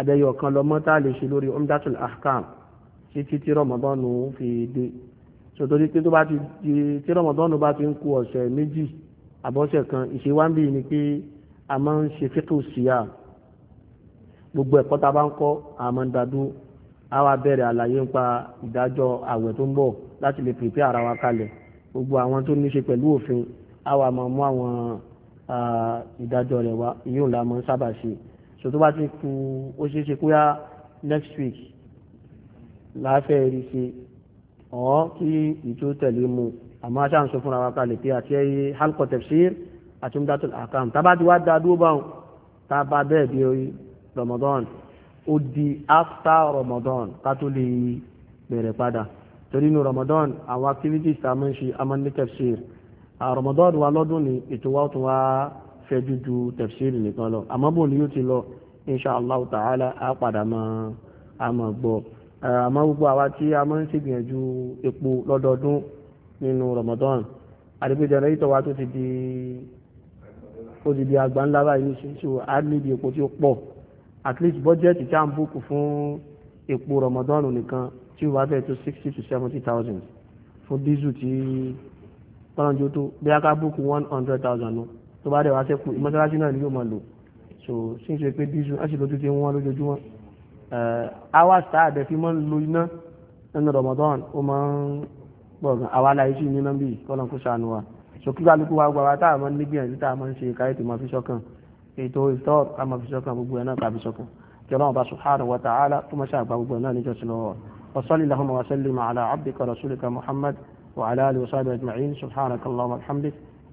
adẹyọ kan lọ mọ́ tá a lè ṣe lórí umdatul ahkam títí tí rọmọdọ́nù fi dé sọtọ́jú pé tó bá ti tí rọmọdọ́nù bá ti ń ku ọ̀sẹ̀ méjì àbọ̀sẹ̀ kan ìṣèwádìí bíi ni pé a máa ń ṣe fíkù síyà gbogbo ẹ̀kọ́ tá a bá ń kọ́ a máa ń dadú a wá bẹ̀rẹ̀ àlàyé nípa ìdájọ́ àwẹ̀ tó ń bọ̀ láti lè pèpè ara wa kalẹ̀ gbogbo àwọn tó ní ṣe pẹ̀lú òfin a wá máa mú àwọn ah, ìdájọ́ rẹ̀ wá ìyóò máa ń sábà ṣe so tó bá ti kú ó ṣeé ṣe kóyá next week láfẹ́ rí ṣe ọ̀ kí ìtò tẹ̀lé mu àmọ́ aṣá ń sọ fúnra wa kalẹ̀ pé àti ẹyẹ halqa tafsir àti umdatul ahkam tá a bá ti wá da dúró báwọn tá a bá bẹ́ẹ̀ di orí Ramadan ó di after Ramadan ká tó lè bẹ̀rẹ̀ padà torí inú Ramadan àwọn activities tá a máa ń ṣe a ní tafsir Ramadan wa lọ́dún ni ètò wa ó tún wá fẹ́jú ju tafsiri nìkan lọ àmọ́ bò yóò ti lọ insha allah ta'ala á padà máa a máa gbọ́ àmọ́ gbogbo àwa tí a máa ń ṣègbìyànjú epo lọ́dọọdún nínú Ramadan àdìpé jẹnẹrétọ̀ wa tó ti di ó ti di àgbà ńlá báyìí níṣìṣẹ́ á níbi epo tí ó pọ̀ at least bọ́jẹ́ẹ̀tì tí a ń bùkù fún epo Ramadan nìkan tí ó bá fẹ́ tó sixty to seventy thousand fún dísù tí kọ́nàjó tó bí a ká bùkù one hundred thousand nù tó bá dẹ̀ wá sẹ́kù mọ́sálásí náà ni yóò máa lò so ṣíṣe pé dísù á sì lójú tí wọ́n lójoojúmọ́ awa eh, star dẹ̀ fi máa ń lo iná nínú Ramadan ó máa ń pọ̀ gan àwa láyé sí iná bí kọ́lọ́n kó sànù wa so kí kálukú wa gba wa tá a máa ń nígbìyànjú tá a máa ń ṣe káyọ̀tì máa fi sọ́kàn ètò ìfọ́ ká máa fi sọ́kàn gbogbo ẹ̀ náà ká fi sọ́kàn kí bá subhanahu wa ta'ala tó máa ṣàgbà gbogbo náà níjọ́sìn lọ́wọ́ وصل اللهم وسلم على عبدك ورسولك محمد وعلى اله وصحبه اجمعين سبحانك اللهم وبحمدك